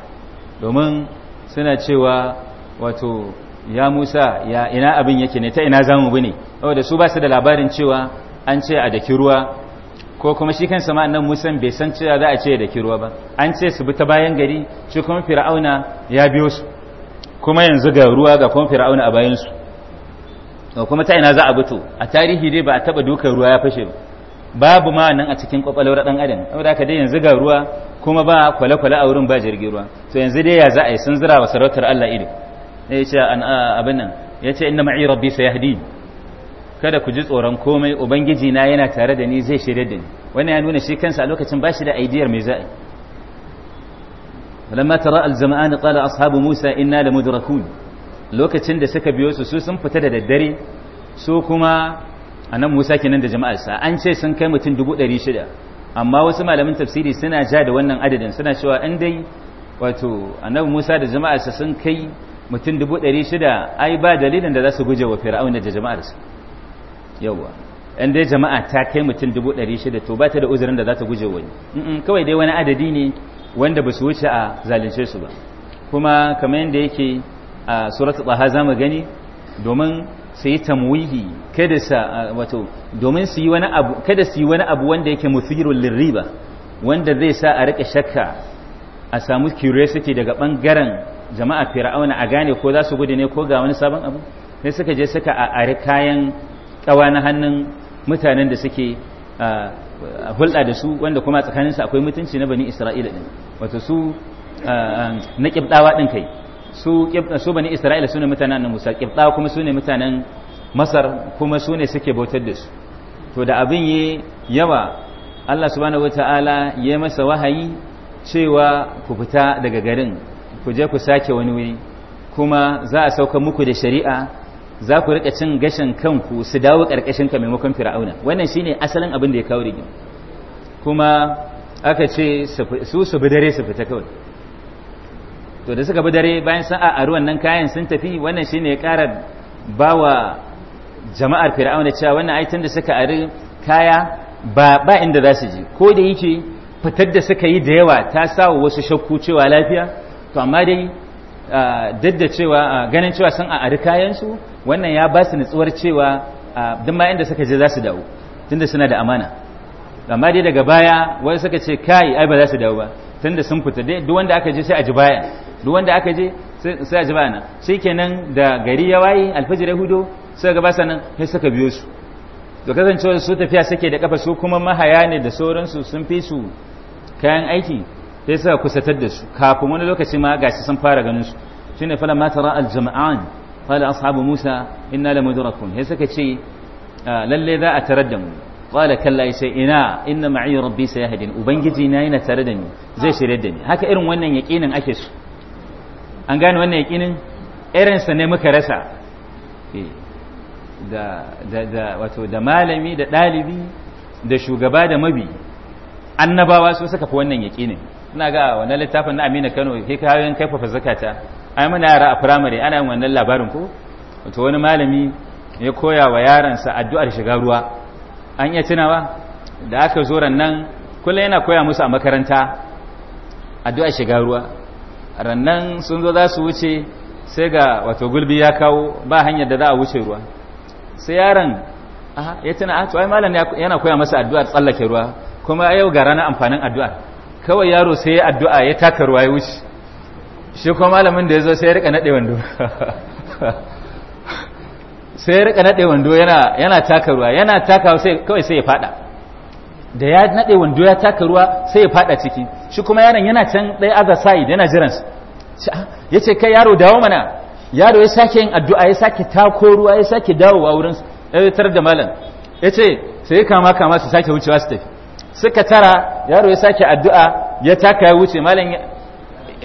domin suna cewa wato ya Musa ya ina abin yake ne ta ina zamu bi ne saboda su ba su da labarin cewa an ce a daki ruwa ko kuma shi kansa ma annabi Musa bai san cewa za a ce da ruwa ba an ce su bi ta bayan gari shi kuma fir'auna ya biyo su kuma yanzu ga ruwa ga kuma fir'auna a bayan su to kuma ta ina za a bito a tarihi dai ba a taba dukan ruwa ya fashe ba babu ma nan a cikin kwakwalwar dan adam saboda haka dai yanzu ga ruwa kuma ba kwale-kwale a wurin ba jirgin ruwa to yanzu dai ya za a yi sun zira wa sarautar Allah ido ya ce an abin nan ya ce inna ma'i rabbi sayahdi kada ku ji tsoron komai ubangiji na yana tare da ni zai shirya da ni wannan ya nuna shi kansa a lokacin ba shi da aidiyar mai za'i lamma tara al-jama'an qala ashabu musa inna lamudrakun lokacin da suka biyo su su sun fita da daddare su kuma anan musa kenan da jama'ar sa an ce sun kai mutum 600 amma wasu malamin tafsiri suna ja da wannan adadin suna cewa in dai wato annabi musa da sa sun kai mutum 600 ai ba dalilin da za su guje wa fir'auna da sa. yawa ɗan dai jama'a ta kai mutum dubu ɗari shida to ba ta da uzurin da za ta guje wani kawai dai wani adadi ne wanda ba su wuce a zalunce su ba kuma kamar yadda yake a suratu tsaha za mu gani domin su yi tamwihi kada sa wato domin su yi wani abu kada su yi wani abu wanda yake muthirul liriba wanda zai sa a rika shakka a samu curiosity daga bangaren jama'a fir'auna a gane ko za su gudu ne ko ga wani sabon abu sai suka je suka a kayan tsawa na hannun mutanen da suke hulɗa da su wanda kuma tsakaninsu akwai mutunci na bani isra'ila ɗin wato su na ƙibɗawa ɗin kai su bani isra'ila su ne mutanen na musa ƙibɗawa kuma su ne mutanen masar kuma su ne suke bautar da su to da abin yi yawa allah subhanahu wata'ala ya masa wahayi cewa ku fita daga garin ku je ku sake wani wuri kuma za a sauka muku da shari'a za ku rika cin gashin kanku su dawo karkashin ka maimakon fir'auna wannan shine asalin abin da ya kawo rigima kuma aka ce su su bi dare su fita kawai to da suka bi dare bayan sa'a a ruwan nan kayan sun tafi wannan shine ya ba wa jama'ar fir'auna cewa wannan aitin da suka ari kaya ba ba inda za su je ko da yake fitar da suka yi da yawa ta sawa wasu shakku cewa lafiya to amma dai duk da cewa ganin cewa sun a ari kayansu wannan ya ba su nutsuwar cewa duk ma inda suka je za su dawo tunda suna da amana amma dai daga baya wani suka ce kai ai ba za su dawo ba tunda sun fita dai duk wanda aka je sai a ji baya duk wanda aka je sai a ji shi kenan da gari ya waye alfajir ya hudo suka gaba sanan sai suka biyo su da kasancewa su tafiya suke da kafa su kuma mahaya ne da sauransu sun fi su kayan aiki sai suka kusatar da su kafin wani lokaci ma gashi sun fara ganin su shine fala ma tara al jama'an qala ashabu musa inna la mudrakun sai suka ce ah, lalle za a tarar da mu qala kalla sai ina inna ma'i rabbi sayahdin ubangiji na yana tare da ni zai shirye da ni haka irin wannan yaqinin ake su an gane wannan yaqinin irin sa ne muka rasa eh, da da da wato da malami da dalibi da shugaba da mabi annabawa su saka fi wannan yaqinin ina ga wannan littafin na Amina Kano ke kayan kaifafa zakata ai muna yara a primary ana yin wannan labarin ko wato wani malami ya koya wa yaransa addu'ar shiga ruwa an iya tunawa da aka zo nan kullum yana koya musu a makaranta addu'ar shiga ruwa rannan sun zo za su wuce sai ga wato gulbi ya kawo ba hanyar da za a wuce ruwa sai yaron ya tuna a ah, to ai malam yana koya masa addu'ar tsallake ruwa kuma yau ga ranar amfanin addu'ar kawai yaro sai ya addu'a ya taka ruwa ya wuce shi kuma malamin da ya zo sai ya rika naɗe wando sai ya rika naɗe wando yana taka ruwa yana taka kawai sai ya fada da ya naɗe wando ya taka ruwa sai ya fada ciki shi kuma yaron yana can ɗaya other side yana jiran ah, ya ce kai yaro dawo mana yaro ya sake yin addu'a ya sake tako ruwa ya sake dawowa wurin ya tar da malam ya ce sai ya kama kama su sake wucewa su tafi suka tara yaro ya sake addu'a ya taka ya wuce malam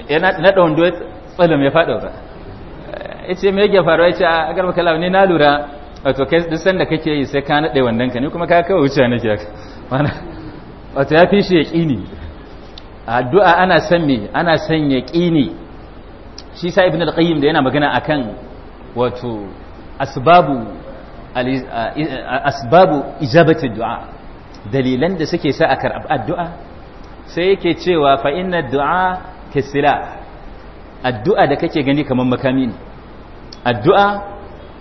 ya da wando ya ya faɗa wura ya ce mai yake faruwa ya ce a garba kalam ne na lura wato kai duk sanda kake yi sai ka naɗe wandon ka ne kuma ka kawai wuce na ke. mana wato ya fi shi ya ƙini addu'a ana san me ana san ya ƙini shi sa ibn al-qayyim da yana magana akan wato asbabu asbabu ijabati du'a dalilan da suke sa a karɓi addu'a sai yake cewa fa inna du'a sila addu'a da kake gani kamar makami ne addu'a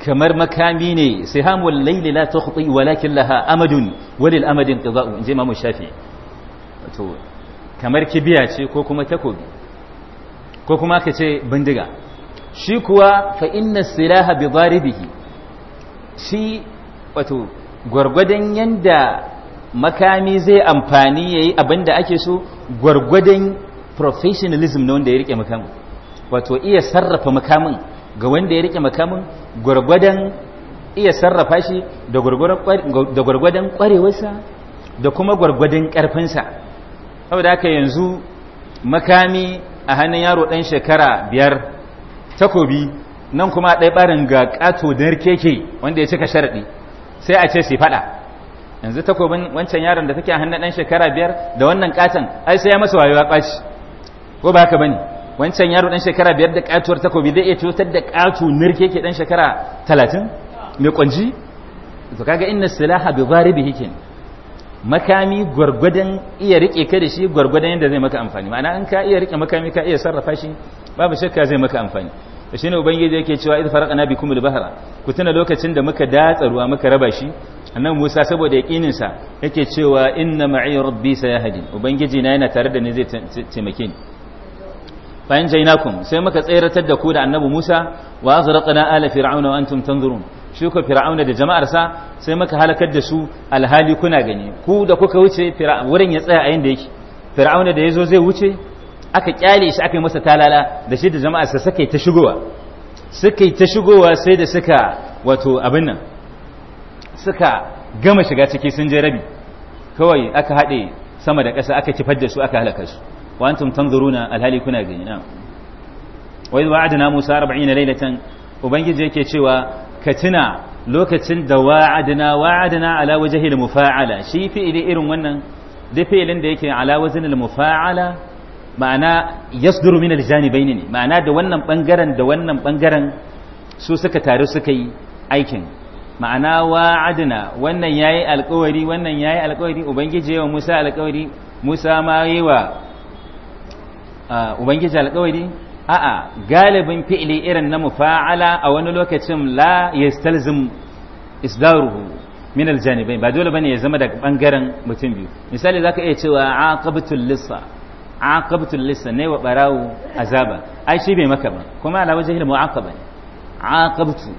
kamar makami ne sai hamul laili la tukhti walakin laha amadun walil amadin in inji imamu shafi to kamar kibiya ce ko kuma takobi ko kuma ka ce bindiga shi kuwa fa sila silaha bi dharibihi shi wato gwargwadon yanda makami zai amfani ya yi abin da ake so gwargwadon professionalism na wanda ya rike makamin wato iya sarrafa makamin ga wanda ya rike makamin gwargwadon iya sarrafa shi da gwargwadon kwarewarsa da kuma gwargwadon karfinsa saboda haka yanzu makami a hannun yaro ɗan shekara biyar takobi nan kuma ɗai ɓarin ga ƙato da keke wanda ya cika sharaɗi sai a ce su faɗa yanzu takobin wancan yaron da take a hannun ɗan shekara biyar da wannan katon ai sai ya masa wayewa ɓaci ko ba haka bane wancan yaro ɗan shekara biyar da katuwar takobi zai iya cutar da katu nirke ke ɗan shekara talatin mai kwanji to kaga inna silaha bi gharibi hikin makami gwargwadon iya rike ka da shi gwargwadon yadda zai maka amfani ma'ana in ka iya rike makami ka iya sarrafa shi babu shakka zai maka amfani shi ne ubangiji yake cewa idh na bikum al ku tuna lokacin da muka datsa ruwa muka raba shi annan Musa saboda yakinin sa yake cewa inna ma'i rabbi sayahdi ubangiji na yana tare da ni zai taimake ni bayan jainakum sai muka tsayratar da ku da annabi Musa wa azraqna ala fir'auna wa antum tanzurun shi ku fir'auna da jama'ar sa sai muka halakar da su alhali kuna gani ku da kuka wuce wurin ya tsaya a yanda yake fir'auna da yazo zai wuce aka kyale shi aka yi masa talala da shi da jama'arsa suka yi ta shigowa suka yi ta shigowa sai da suka wato abin nan suka gama shiga ciki sun je rabi kawai aka haɗe sama da ƙasa aka kifar da su aka halaka su wa antum tanzuruna alhali kuna gani na wa idh wa'adna musa 40 laylatan ubangiji yake cewa ka tuna lokacin da wa'adna wa'adna ala wajhil mufa'ala shi fi'ili irin wannan da fi'ilin da yake ala wazinil mufa'ala ma'ana yasduru min janibai ne ma'ana da wannan bangaren da wannan bangaren su suka taru suka yi aikin ma'ana wa'adna wannan yayi alƙawari wannan yayi alƙawari ubangiji yawa Musa alƙawari Musa ma ubangiji alƙawari a'a galibin fi'li irin na mufa'ala a wani lokacin la yastalzim isdaruhu min aljanibain ba dole bane ya zama daga bangaren mutum biyu misali zaka iya cewa aqabatul lissa aqabtul lisan ne wa barawu azaba ai shi bai maka ba kuma ala wajhil mu'aqaba aqabtu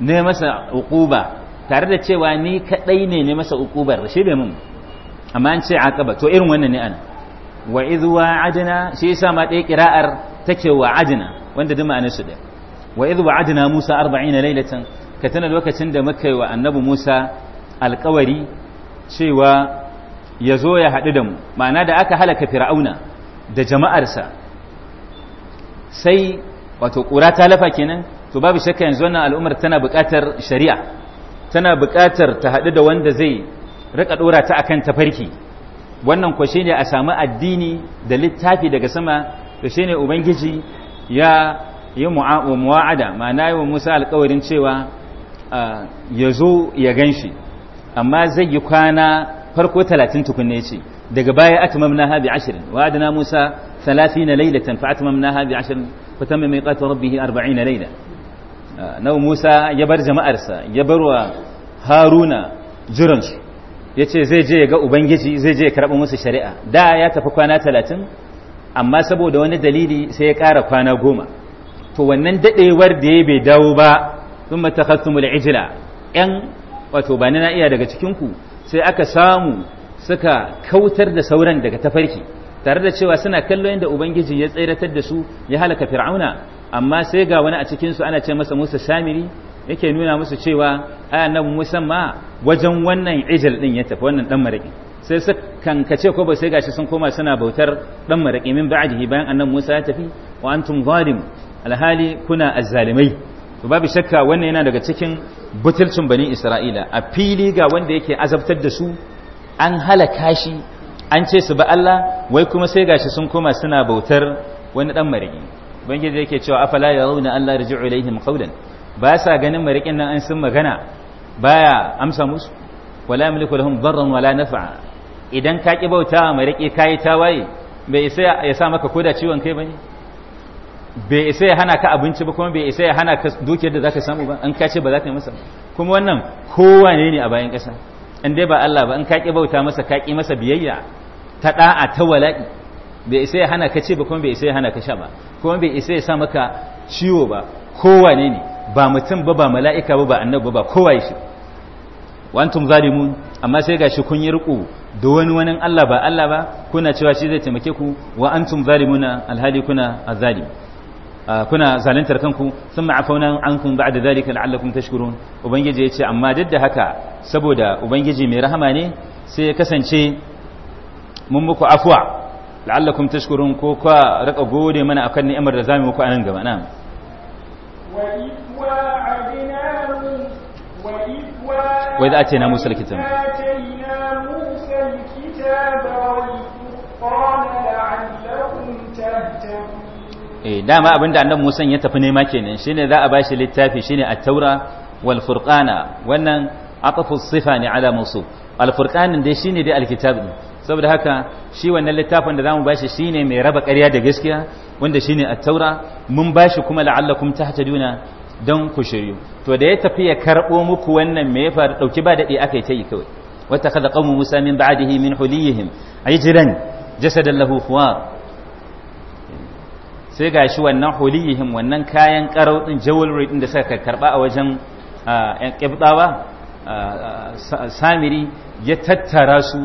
ne masa uquba tare da cewa ni kadai ne ne masa uqubar shi bai mun amma an ce aqaba to irin wannan ne ana wa idh wa'adna shi yasa ma dai qira'ar take wa'adna wanda duk ma'anar su da wa idh wa'adna Musa 40 laylatan ka tana lokacin da muka yi wa annabi Musa alƙawari cewa ya zo ya haɗu da mu ma'ana da aka halaka fir'auna da jama'arsa sai wato ƙura ta lafa kenan to babu shakka yanzu wannan al'ummar tana buƙatar shari'a tana buƙatar ta haɗu da wanda zai riƙa ɗora ta akan tafarki wannan ko ne a samu addini da littafi daga sama to shine ubangiji ya yi mu'a'ada ma'ana yi wa musa alƙawarin cewa ah, ya zo ya gan shi amma zai yi kwana farko talatin tukunne ce daga baya atmamna ha bi ashirin wa musa thalathina laylatan fa atmamna bi ashirin fa tamma miqatu rabbih 40 layla nau musa ya bar jama'arsa ya bar wa haruna jiran su yace zai je ga ubangiji zai je ya musu shari'a da ya tafi kwana talatin amma saboda wani dalili sai ya ƙara kwana goma to wannan dadewar da ya bai dawo ba sun matakhasumul ijila yan wato ba na iya daga cikin ku sai aka samu suka kautar da sauran daga tafarki tare da cewa suna kallo yadda ubangiji ya tseratar da su ya halaka fir'auna amma sai ga wani a cikinsu ana ce masa musa samiri yake nuna musu cewa aya na musamman wajen wannan ijil din ya tafi wannan dan maraƙi sai su kankace ko ba sai gashi sun koma suna bautar dan maraƙi min ba'dihi bayan annabi Musa ya tafi wa antum zalim alhali kuna azzalimai to babu shakka wannan yana daga cikin butulcin bani isra'ila a fili ga wanda yake azabtar da su an halaka shi an ce su ba Allah wai kuma sai gashi sun koma suna bautar wani dan marigi ubangiji yake cewa afala yarawna Allah yarji'u ilaihim qawlan ba sa ganin marikin nan an sun magana baya amsa musu wala yamliku lahum darran wala naf'a idan ka ki bauta mariki kai tawaye bai isa ya sa maka koda ciwon kai bane bai isa ya hana ka abinci ba kuma bai isa ya hana ka dukiyar da zaka samu ba an ka ce ba za ka yi masa kuma wannan kowane ne a bayan ƙasa in dai ba Allah ba in ka ki bauta masa ka ki masa biyayya ta da'a ta wala'i bai isa ya hana ka ce ba kuma bai isa ya hana ka sha ba kuma bai isa ya sa maka ciwo ba kowane ne ba mutum ba ba mala'ika ba ba annabi ba kowa shi wantum zalimun amma sai gashi kun yi riko da wani wani Allah ba Allah ba kuna cewa shi zai taimake ku wa antum zalimuna alhali kuna azalim kuna zalantar kanku sun ma'afauna an kun da zalika la'allakum tashkurun ubangiji ya ce amma duk da haka saboda ubangiji mai rahama ne sai ya kasance mun muku afwa la'allakum tashkurun ko kwa raka gode mana akan ni'imar da zamu muku nan gaba na'am wa idh atayna musa alkitab لعلكم تهتدون eh dama abinda annabi Musa ya tafi nema kenan shine za a bashi littafi shine at-taura wal furqana wannan atafu sifa ne ala musu al furqanin dai shine dai al-kitab saboda haka shi wannan littafin da zamu bashi shine mai raba ƙarya da gaskiya wanda shine at-taura mun bashi kuma la'allakum tahtaduna don ku shiryu to da ya tafi ya karbo muku wannan me ya faru dauki ba daɗi aka ta yi kawai wata kada qaumu musa min ba'dihi min huliyihim ajran jasadan lahu sai ga shi wannan huliyihim wannan kayan karau din jewelry din da suka karba a wajen yan kibdawa samiri ya tattara su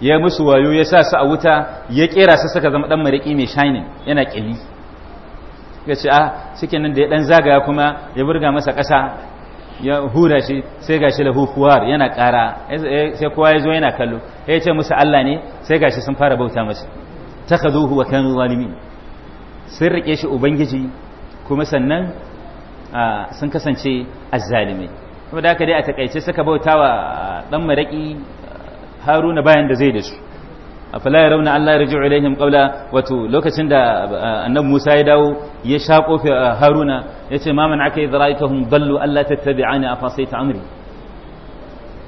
ya musu wayo ya sa su a wuta ya kera su suka zama dan mariki mai shining yana kili ya ce a ah, suke nan da ya dan zagaya kuma ya burga masa ƙasa ya hura shi sai ga shi lahufuwar yana ƙara sai kowa ya zo yana kallo ya ce musu Allah ne sai ga shi sun fara bauta masa takhaduhu wa kanu zalimin sun rike shi ubangiji kuma sannan sun kasance azzalimai kuma da aka dai a takaice suka bauta wa dan maraki haruna bayan da zai da su a fala ya rauna allah ya ilaihim qabla wato lokacin da annabi musa ya dawo ya sha kofi haruna ya ma man aka yi zara'ikahum dallu allah tattabi'ani a fasaita amri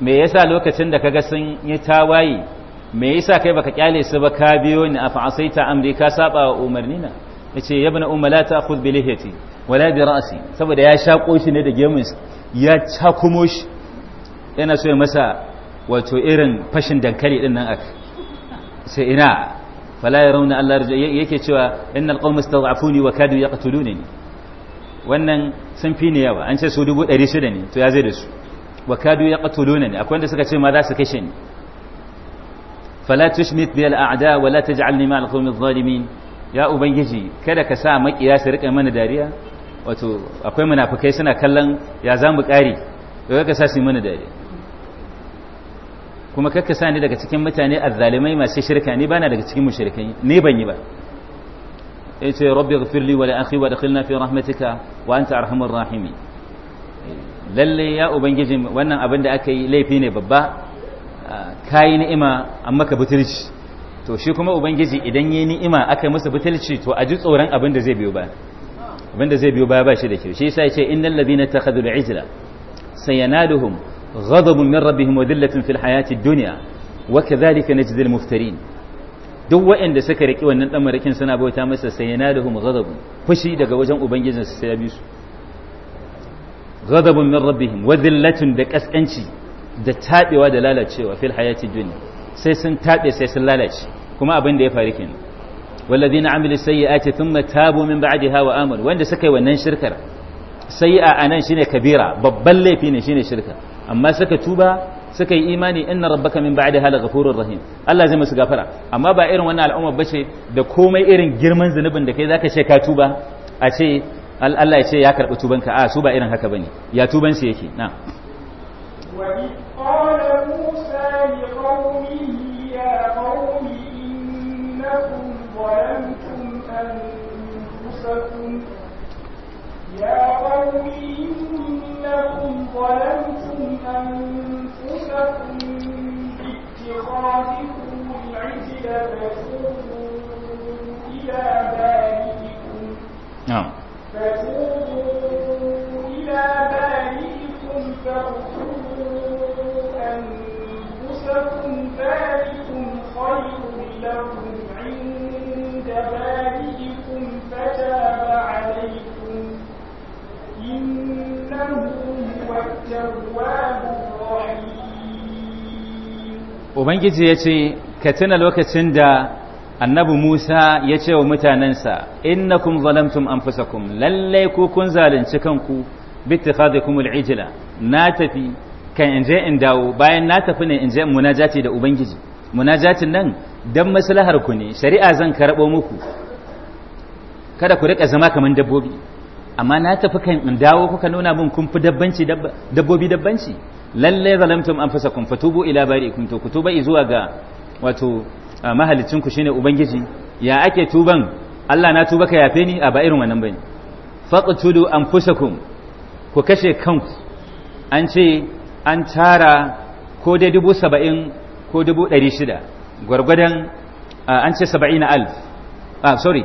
me yasa lokacin da kaga sun yi tawaye me yasa kai baka kyale su ba ka biyo ni a ta amri ka saba wa umarnina yace ya bani umma la ta'khudh bi lihiyati wala bi ra'si saboda ya shaƙo shi ne da gemun ya cakumo shi yana so ya masa wato irin fashin dankali din nan aka sai ina fala yarawna Allah yake cewa innal qawma istad'afuni wa kadu yaqtulunani wannan sun fi ne yawa an ce su dubu ɗari shida ne to ya zai da su wa kadu ya ƙatuluna ne akwai wanda suka ce ma za su kashe ni fala tushmit bi al'ada wa la taj'alni ma al-qawmi adh-dhalimin ya ubangiji kada ka sa makiya su rika mana dariya wato akwai munafikai suna kallon ya za mu ƙari da ka sa su mana dariya kuma kakka sa ni daga cikin mutane azzalimai masu shirka ni bana daga cikin mushrikai ne ban yi ba ya ce rabbi ghafirli wa li akhi wa dakhilna fi rahmatika wa anta arhamar rahimi lalle ya ubangiji wannan abin da aka yi laifi ne babba kayi ni'ima amma ka butulci to shi kuma ubangiji idan yayi ni'ima aka masa butulci to a ji tsoron abin da zai biyo ba abin da zai biyo ba ba shi da kyau shi yasa ce innal ladina takhadhu al-ijla sayanaduhum ghadabun min rabbihim wa dhillatun fil hayati dunya wa kadhalika najzi al-muftarin duk waɗanda suka riki wannan dan marakin suna bauta masa sayanaduhum ghadabun fushi daga wajen ubangijin su sai ya bi su ghadabun min rabbihim wa dhillatun da kaskanci da tabewa da lalacewa fil hayati dunya sai sun taɓe sai sun lalace kuma abin da ya faru kenan walladhina amilu sayyi'ati thumma tabu min ba'daha wa Amadu wanda suka yi wannan shirkar sayyi'a anan shine kabira babban laifi ne shine shirka amma suka tuba suka yi imani inna rabbaka min ba'daha laghafurur rahim Allah zai musu gafara amma ba irin wannan al'umma bace da komai irin girman zunubin da kai zaka ce ka tuba a ce Allah ya ce ya karbi tubanka a su ba irin haka bane ya tuban su yake na قال موسى لقومه يا قوم إنكم ظلمتم أنفسكم يا قوم إنكم ظلمتم أنفسكم باتخاذكم العجل فتوبوا إلى بارئكم نعم فتوبوا لكم ذلكم خير لكم عند بارئكم فتاب عليكم إنه هو التواب الرحيم Ubangiji ya ce, Ka lokacin da annabi Musa ya ce wa mutanensa, Innakum zalamtum anfusakum lallai ku kun zalunci kanku, bitti kuma al'ijila, na tafi kan in je in dawo bayan na tafi ne in je munajati da ubangiji munajatin nan dan maslahar ku ne shari'a zan karɓo muku kada ku rika zama kaman dabbobi amma na tafi kan in dawo kuka nuna min kun fi dabbanci dabbobi dabbanci lalle zalamtum anfusakum fatubu ila bari'ikum to ku tuba zuwa ga wato mahalicin ku shine ubangiji ya ake tuban Allah na tuba ka yafe ni a ba irin wannan bane faqtudu anfusakum ku kashe kanku an ce an tara ko dai dubu saba'in ko dubu ɗari shida gwargwadon an ce saba'in na alf ah sorry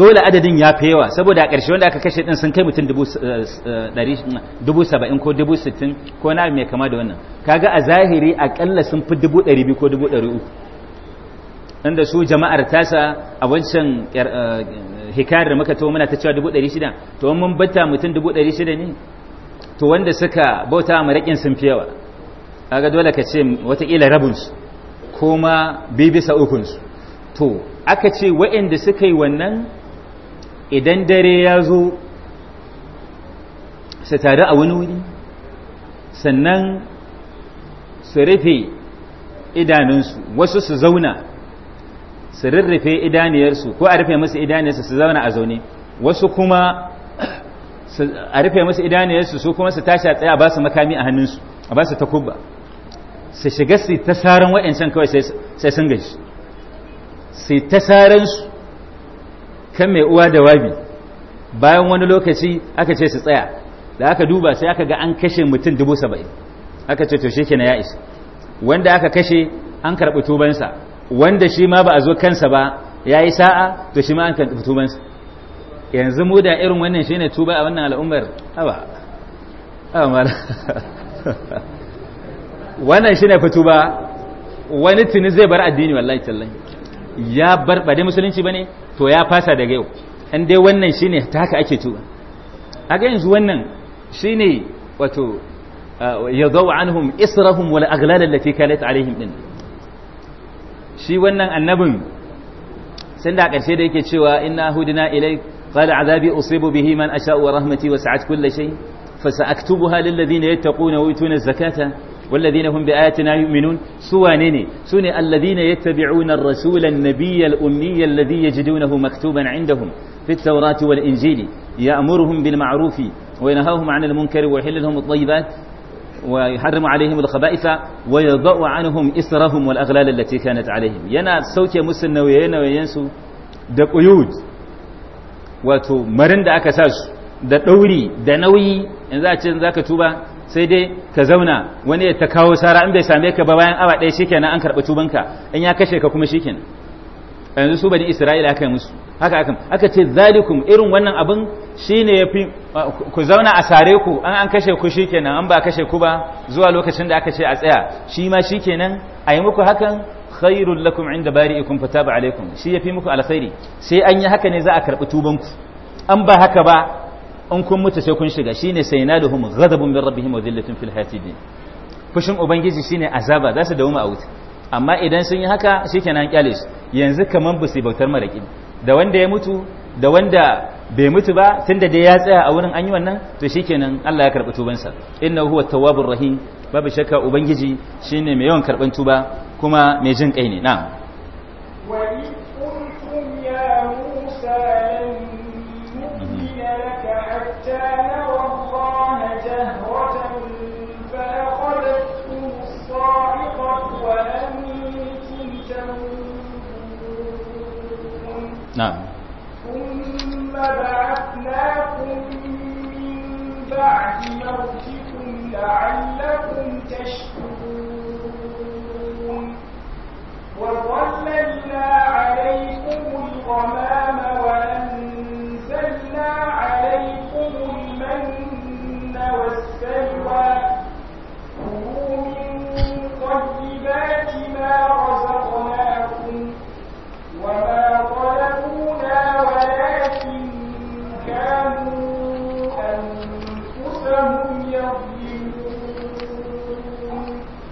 dole adadin ya fi yawa saboda a ƙarshe wanda aka kashe ɗin sun kai mutum dubu mm, saba'in ko dubu sittin ko na mai kama da wannan kaga a zahiri aƙalla sun fi dubu ɗari biyu ko dubu ɗari uku inda su jama'ar tasa a wancan er, hikayar da muka to muna ta cewa dubu ɗari shida to mun batta mutum dubu ɗari shida ne to wanda suka bauta maraƙin sun fi yawa kaga dole ka ce watakila rabinsu ko ma bi bisa ukunsu to aka ce waɗanda suka yi wannan idan dare ya zo su taru a wani wuri sannan su rufe idanunsu wasu su zauna su rurrufe idaniyarsu ko a rufe musu idaniyarsu su zauna a zaune wasu kuma a rufe musu idaniyarsu su kuma su tashi a tsaye a ba su makami a hannunsu a ba su ta kubba su shiga su ta saran waɗancan kawai sai sun gaji su ta saran su kan mai uwa da wabi bayan wani lokaci aka ce su tsaya da aka duba sai aka ga an kashe mutum dubu saba'in aka ce to shi na ya isa wanda aka kashe an karɓi tubansa wanda shi ma ba a zo kansa ba ya yi sa'a to shi ma an karɓi tubansa yanzu mu da irin wannan shine tuba a wannan al'ummar haba mala wannan shine fa tuba wani tuni zai bar addini wallahi tallahi ya bar ba dai musulunci bane to ya fasa daga yau an dai wannan shine ta haka ake tuba a ga yanzu wannan shine wato yadau anhum israhum wal aghlal allati kanat alaihim din shi wannan annabin sanda da ƙarshe da yake cewa inna hudina ilai قال عذابي أصيب به من أشاء ورحمتي وسعت كل شيء فسأكتبها للذين يتقون ويؤتون الزكاة والذين هم بآياتنا يؤمنون سوانيني سوني الذين يتبعون الرسول النبي الأمي الذي يجدونه مكتوبا عندهم في التوراة والإنجيل يأمرهم بالمعروف وينهاهم عن المنكر ويحل لهم الطيبات ويحرم عليهم الخبائث ويضع عنهم إسرهم والأغلال التي كانت عليهم ينا سوكي مسلم وينا وينسو دقيود wato marin da aka sa su da ɗauri da nauyi in za a ce za ka tuba sai dai ka zauna wani ya ta kawo sara in bai same ka ba bayan awa ɗaya shikenan an karɓi tubanka in ya kashe ka kuma shikenan yanzu su bani isra'ila aka yi musu haka aka aka ce zalikum irin wannan abin shine fi ku zauna a sare ku an an kashe ku shikenan an ba kashe ku ba zuwa lokacin da aka ce a tsaya shi ma shikenan a yi muku hakan khairul bari inda bari'ikum ba alaikum shi ya fi muku alkhairi sai an yi haka ne za a karbi tubanku an ba haka ba in kun mutu sai kun shiga shine saynaluhum ghadabun min rabbihim wa dhillatun fil hatidin fushin ubangiji shine azaba za su dawo a wuta amma idan sun yi haka shikenan kyale su yanzu kaman ba su bautar maraki da wanda ya mutu da wanda bai mutu ba da dai ya tsaya a wurin an yi wannan to shikenan Allah ya karbi tubansa innahu huwa tawwabur rahim babu shakka ubangiji shine mai yawan karban tuba kuma mai jin kai ne na'am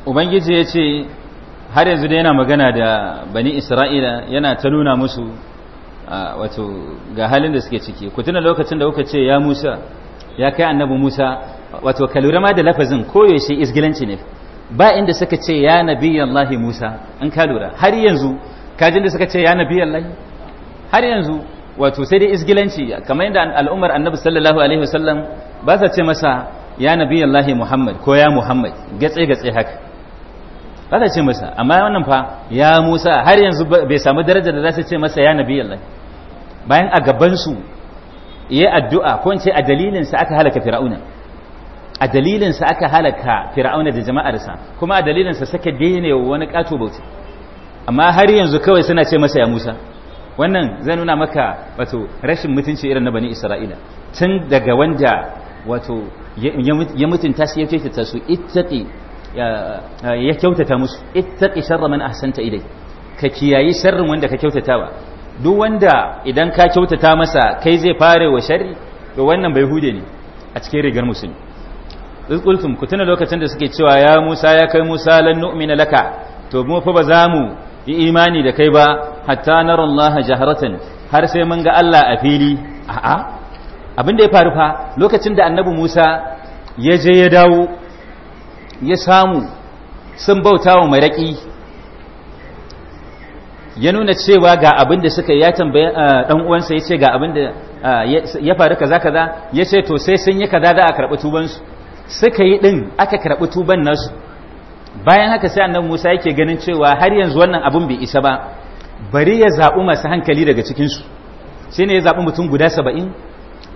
ubangiji ya ce har yanzu da yana magana da bani isra'ila yana ta nuna musu wato ga halin da suke ciki ku tuna lokacin da kuka ce ya musa ya kai annabi musa wato ka lura ma da lafazin koyaushe isgilanci ne ba inda suka ce ya nabi allahi musa in ka lura har yanzu kajin da suka ce ya nabi allahi har yanzu wato sai dai isgilanci kamar yadda al'ummar annabi sallallahu alaihi wasallam ba sa ce masa ya nabi allahi muhammad ko ya muhammad gatse gatse haka ba ta ce masa amma wannan fa ya musa har yanzu bai samu darajar da za su ce masa ya nabi Allah bayan a gabansu ya addu'a ko ce a dalilinsa aka halaka fir'auna a dalilinsa aka halaka fir'auna da jama'arsa kuma a dalilinsa saka daina wani ƙato bauta amma har yanzu kawai suna ce masa ya musa wannan zai nuna maka wato rashin mutunci irin na bani isra'ila tun daga wanda wato ya mutunta su ya ta su ittaqi ya kyautata musu ittaqi sharra man ahsanta ilay ka kiyayi sharrin wanda ka kyautatawa duk wanda idan ka kyautata masa kai zai fare wa sharri to wannan bai hude ne a cikin rigar musulmi izkultum ku tuna lokacin da suke cewa ya Musa ya kai Musa lan nu'mina laka to mu fa ba za mu yi imani da kai ba hatta nara Allah jaharatan har sai mun ga Allah a fili a'a abin da ya faru fa lokacin da annabi Musa ya je ya dawo ya samu sun bauta wa maraƙi ya nuna cewa ga abin da suka ya tambaya dan eh, uwansa ya ce ga abin da eh, ya faru kaza kaza ya ce to sai sun yi kaza da a karɓi tubansu suka yi ɗin aka karɓi tuban nasu bayan haka sai annabi Musa yake ganin cewa har yanzu wannan abin bai isa ba bari ya zaɓi masu hankali daga cikinsu shi ne ya zaɓi mutum guda saba'in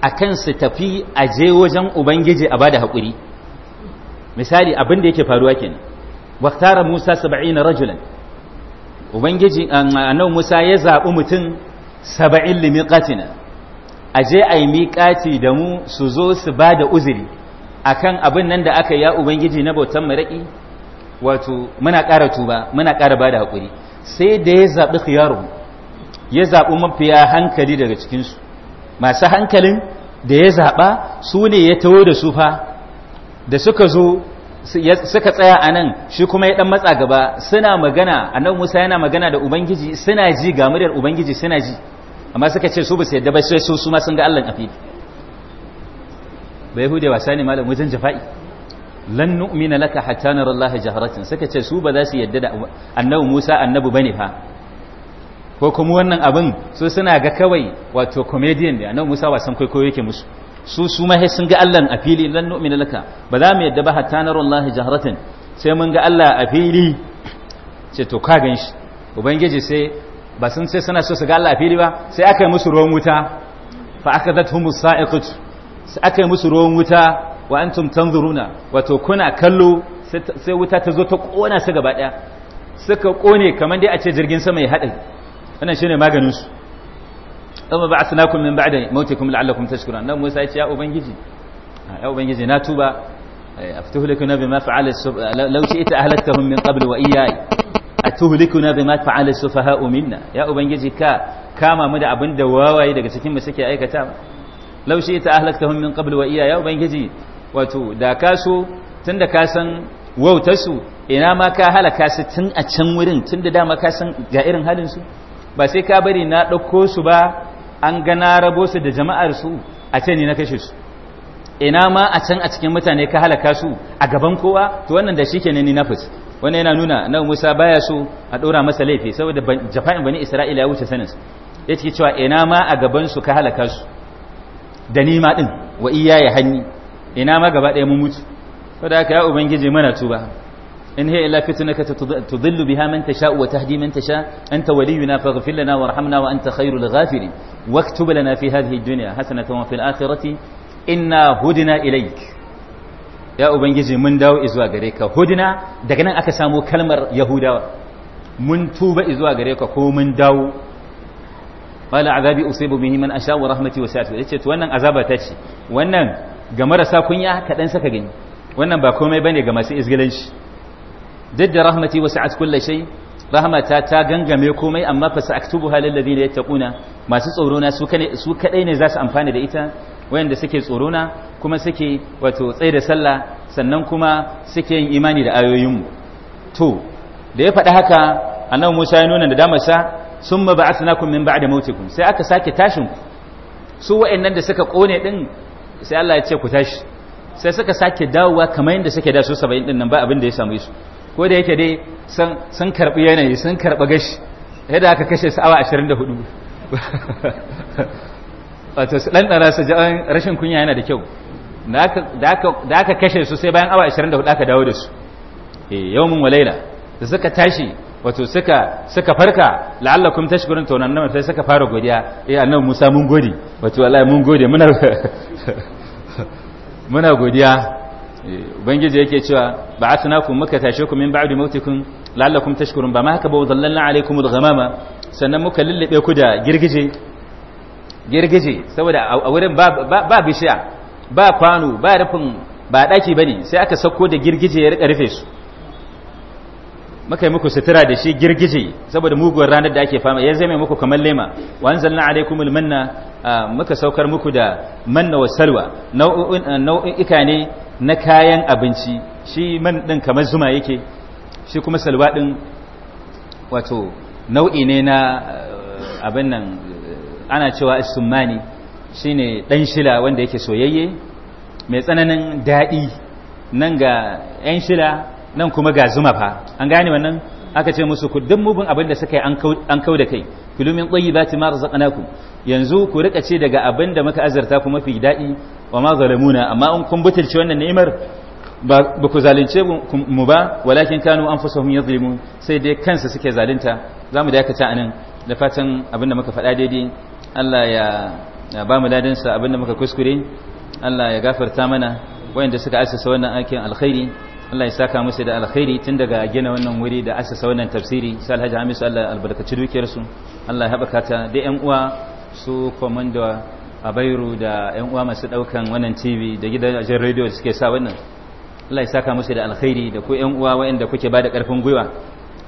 a kan su tafi a je wajen ubangiji a bada haƙuri misali abin da yake faruwa kenan waqtara Musa 70 rajulan ubangiji annabi Musa ya zabi mutum 70 limiqatina aje ai miqati da mu su zo su bada uzuri akan abin nan da aka ya ubangiji na bautan maraki wato muna ƙara tuba muna ƙara bada hakuri sai da ya zabi khiyaru ya zabi mafiya hankali daga cikin su masu hankalin da ya zaba su ne ya tawo da su fa da suka zo suka tsaya a nan shi kuma ya dan matsa gaba suna magana annabi Musa yana magana da ubangiji suna ji ga muryar ubangiji suna ji amma suka ce su ba su yadda ba sai su ma sun ga Allah a fili bai hude wasa ne malam wajen jafa'i lan nu'mina laka hatta nara Allah jaharatin suka ce su ba za su yadda da annabi Musa annabi bane fa ko kuma wannan abin su suna ga kawai wato comedian da annabi Musa wasan kwaikwayo yake musu su su ma sun ga Allah a fili lan nu'mina laka ba za mu yadda ba hatta nara Allah jahratin sai mun ga Allah a fili ce to ka ganshi. ubangiji sai ba sun sai suna so su ga Allah a fili ba sai aka yi musu ruwan wuta fa akadathum saiqat sai aka yi musu ruwan wuta wa antum tanzuruna wato kuna kallo sai wuta ta zo ta kona su gaba daya suka kone kamar dai a ce jirgin sama ya haɗari wannan shine maganin su thumma ba'athnakum min ba'di mautikum la'allakum tashkurun nan Musa ya ce ya ubangiji ya ubangiji na tuba eh, aftuhlikuna bima min wa bima ya ubangiji ka kama mu da abin da wawaye daga cikin aikata ya wato da ka ma ka halaka a can wurin ba sai ka bari na ɗauko su ba an gana rabo su da jama'ar su a ce ni na kashe su ina ma a can a cikin mutane ka halaka su a gaban kowa to wannan da shike ne ni nafis wannan yana nuna na Musa baya so a dora masa laifi saboda jafa'in bani Isra'ila ya wuce sanin ya ce cewa ina ma a gaban su ka halaka su da ni ma din wa iyaye hanni ina ma gaba ɗaya mun mutu saboda haka ya ubangiji mana tuba إن هي إلا فتنك تضل بها من تشاء وتهدي من تشاء أنت ولينا فاغفر لنا وارحمنا وأنت خير الغافرين واكتب لنا في هذه الدنيا حسنة وفي الآخرة إنا هدنا إليك يا أبنجي من داو إزوا غريك هدنا دقنا أكسامو كلمة يهودا من توب إزوا غريك كو من داو قال عذابي أصيب به من أشاء ورحمتي وسعت وإيش وأنا عذابة تشي وأنا جمرة ساكونيا كدن سكجين وأنا بكومي بني جماسي إزجلنش duk da rahmati wasi'at kulli rahmata ta gangame komai amma fa sa'aktubuha lil ladina yattaquna masu tsorona su kane su kadai ne za su amfana da ita wayanda suke tsorona kuma suke wato tsaye da sallah sannan kuma suke yin imani da ayoyin mu to da ya faɗi haka annabi Musa ya nuna da damarsa summa ba'athnakum min ba'da mautikum sai aka sake tashin ku su wayannan da suka kone din sai Allah ya ce ku tashi sai suka sake dawowa kamar yadda suke da su 70 din nan ba abin da ya same su ko da yake dai sun karɓi yanayi sun karɓi gashi yadda aka kashe su awa 24 wato su ɗanɗana su ji rashin kunya yana da kyau da aka kashe su sai bayan awa 24 aka dawo da su e, Yau mun walaila da suka tashi wato suka farka la'allakum gudun taunan nama sai suka fara godiya a eh, annabi Musa mun gode wato wala mun gode muna godiya ubangiji yake cewa ba'athnakum muka tashe ku min ba'di mautikum la'allakum tashkurun ba ma haka ba wadallalna alaikum al-ghamama sannan muka lullube ku da girgije girgije saboda a wurin ba bishiya ba kwano ba rufin ba daki bane sai aka sauko da girgije ya rika rufe su muka yi muku sutura da shi girgije saboda muguwar ranar da ake fama ya zai mai muku kamar lema wa anzalna alaikumul manna muka saukar muku da manna wa salwa nau'in ne na kayan abinci shi man din kamar zuma yake shi kuma salwa din wato nau'i ne na abin nan ana cewa summani shine dan shila wanda yake soyayye mai tsananin daɗi nan ga 'yan shila nan kuma ga zuma fa an gane wannan aka ce musu ku duk mugun abin da suka yi an kau da kai kulumin tayyibati ma razaqnakum yanzu ku rika ce daga abin da muka azarta ku mafi daɗi wa ma zalamuna amma in kun butulci wannan ni'imar ba ku zalunce mu ba walakin kanu anfusuhum yadhlimun sai dai kansa suke zalunta zamu dakata anan da fatan abin da muka faɗa daidai Allah ya ba mu sa abin da muka kuskure Allah ya gafarta mana wayanda suka asasa wannan aikin alkhairi Allah ya saka musu da alkhairi tun daga gina wannan wuri da asasa wannan tafsiri sai Alhaji Hamis Allah albarkaci dukiyar su Allah ya habaka ta da ƴan uwa su a Bayru da ƴan uwa masu daukan wannan TV da gidajen radio suke sa wannan Allah ya saka musu da alkhairi da ku ƴan uwa waɗanda kuke bada ƙarfin gwiwa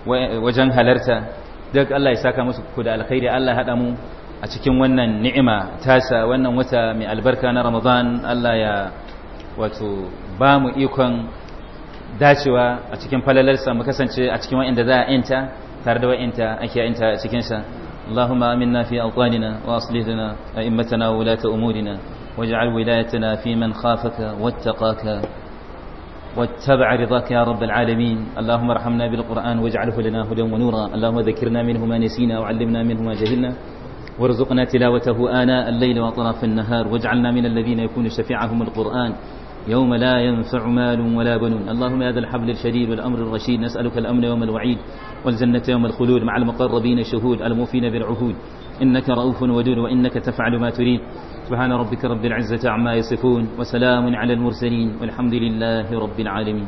wajen halarta duk Allah ya saka musu ku da alkhairi Allah ya mu a cikin wannan ni'ima tasa wannan wata mai albarka na Ramadan Allah ya wato ba mu ikon dacewa a cikin falalarsa mu kasance a cikin wa'inda za a yanta tare da wa'inta ake yanta a cikinsa اللهم آمنا في أوطاننا وأصلح لنا أئمتنا وولاة أمورنا واجعل ولايتنا في من خافك واتقاك واتبع رضاك يا رب العالمين اللهم ارحمنا بالقرآن واجعله لنا هدى ونورا اللهم ذكرنا منه ما نسينا وعلمنا منه ما جهلنا وارزقنا تلاوته آناء الليل وأطراف النهار واجعلنا من الذين يكون شفيعهم القرآن يوم لا ينفع مال ولا بنون اللهم يا ذا الحبل الشديد والأمر الرشيد نسألك الأمن يوم الوعيد والجنة يوم الخلود مع المقربين شهود الموفين بالعهود إنك رؤوف ودود وإنك تفعل ما تريد سبحان ربك رب العزة عما يصفون وسلام على المرسلين والحمد لله رب العالمين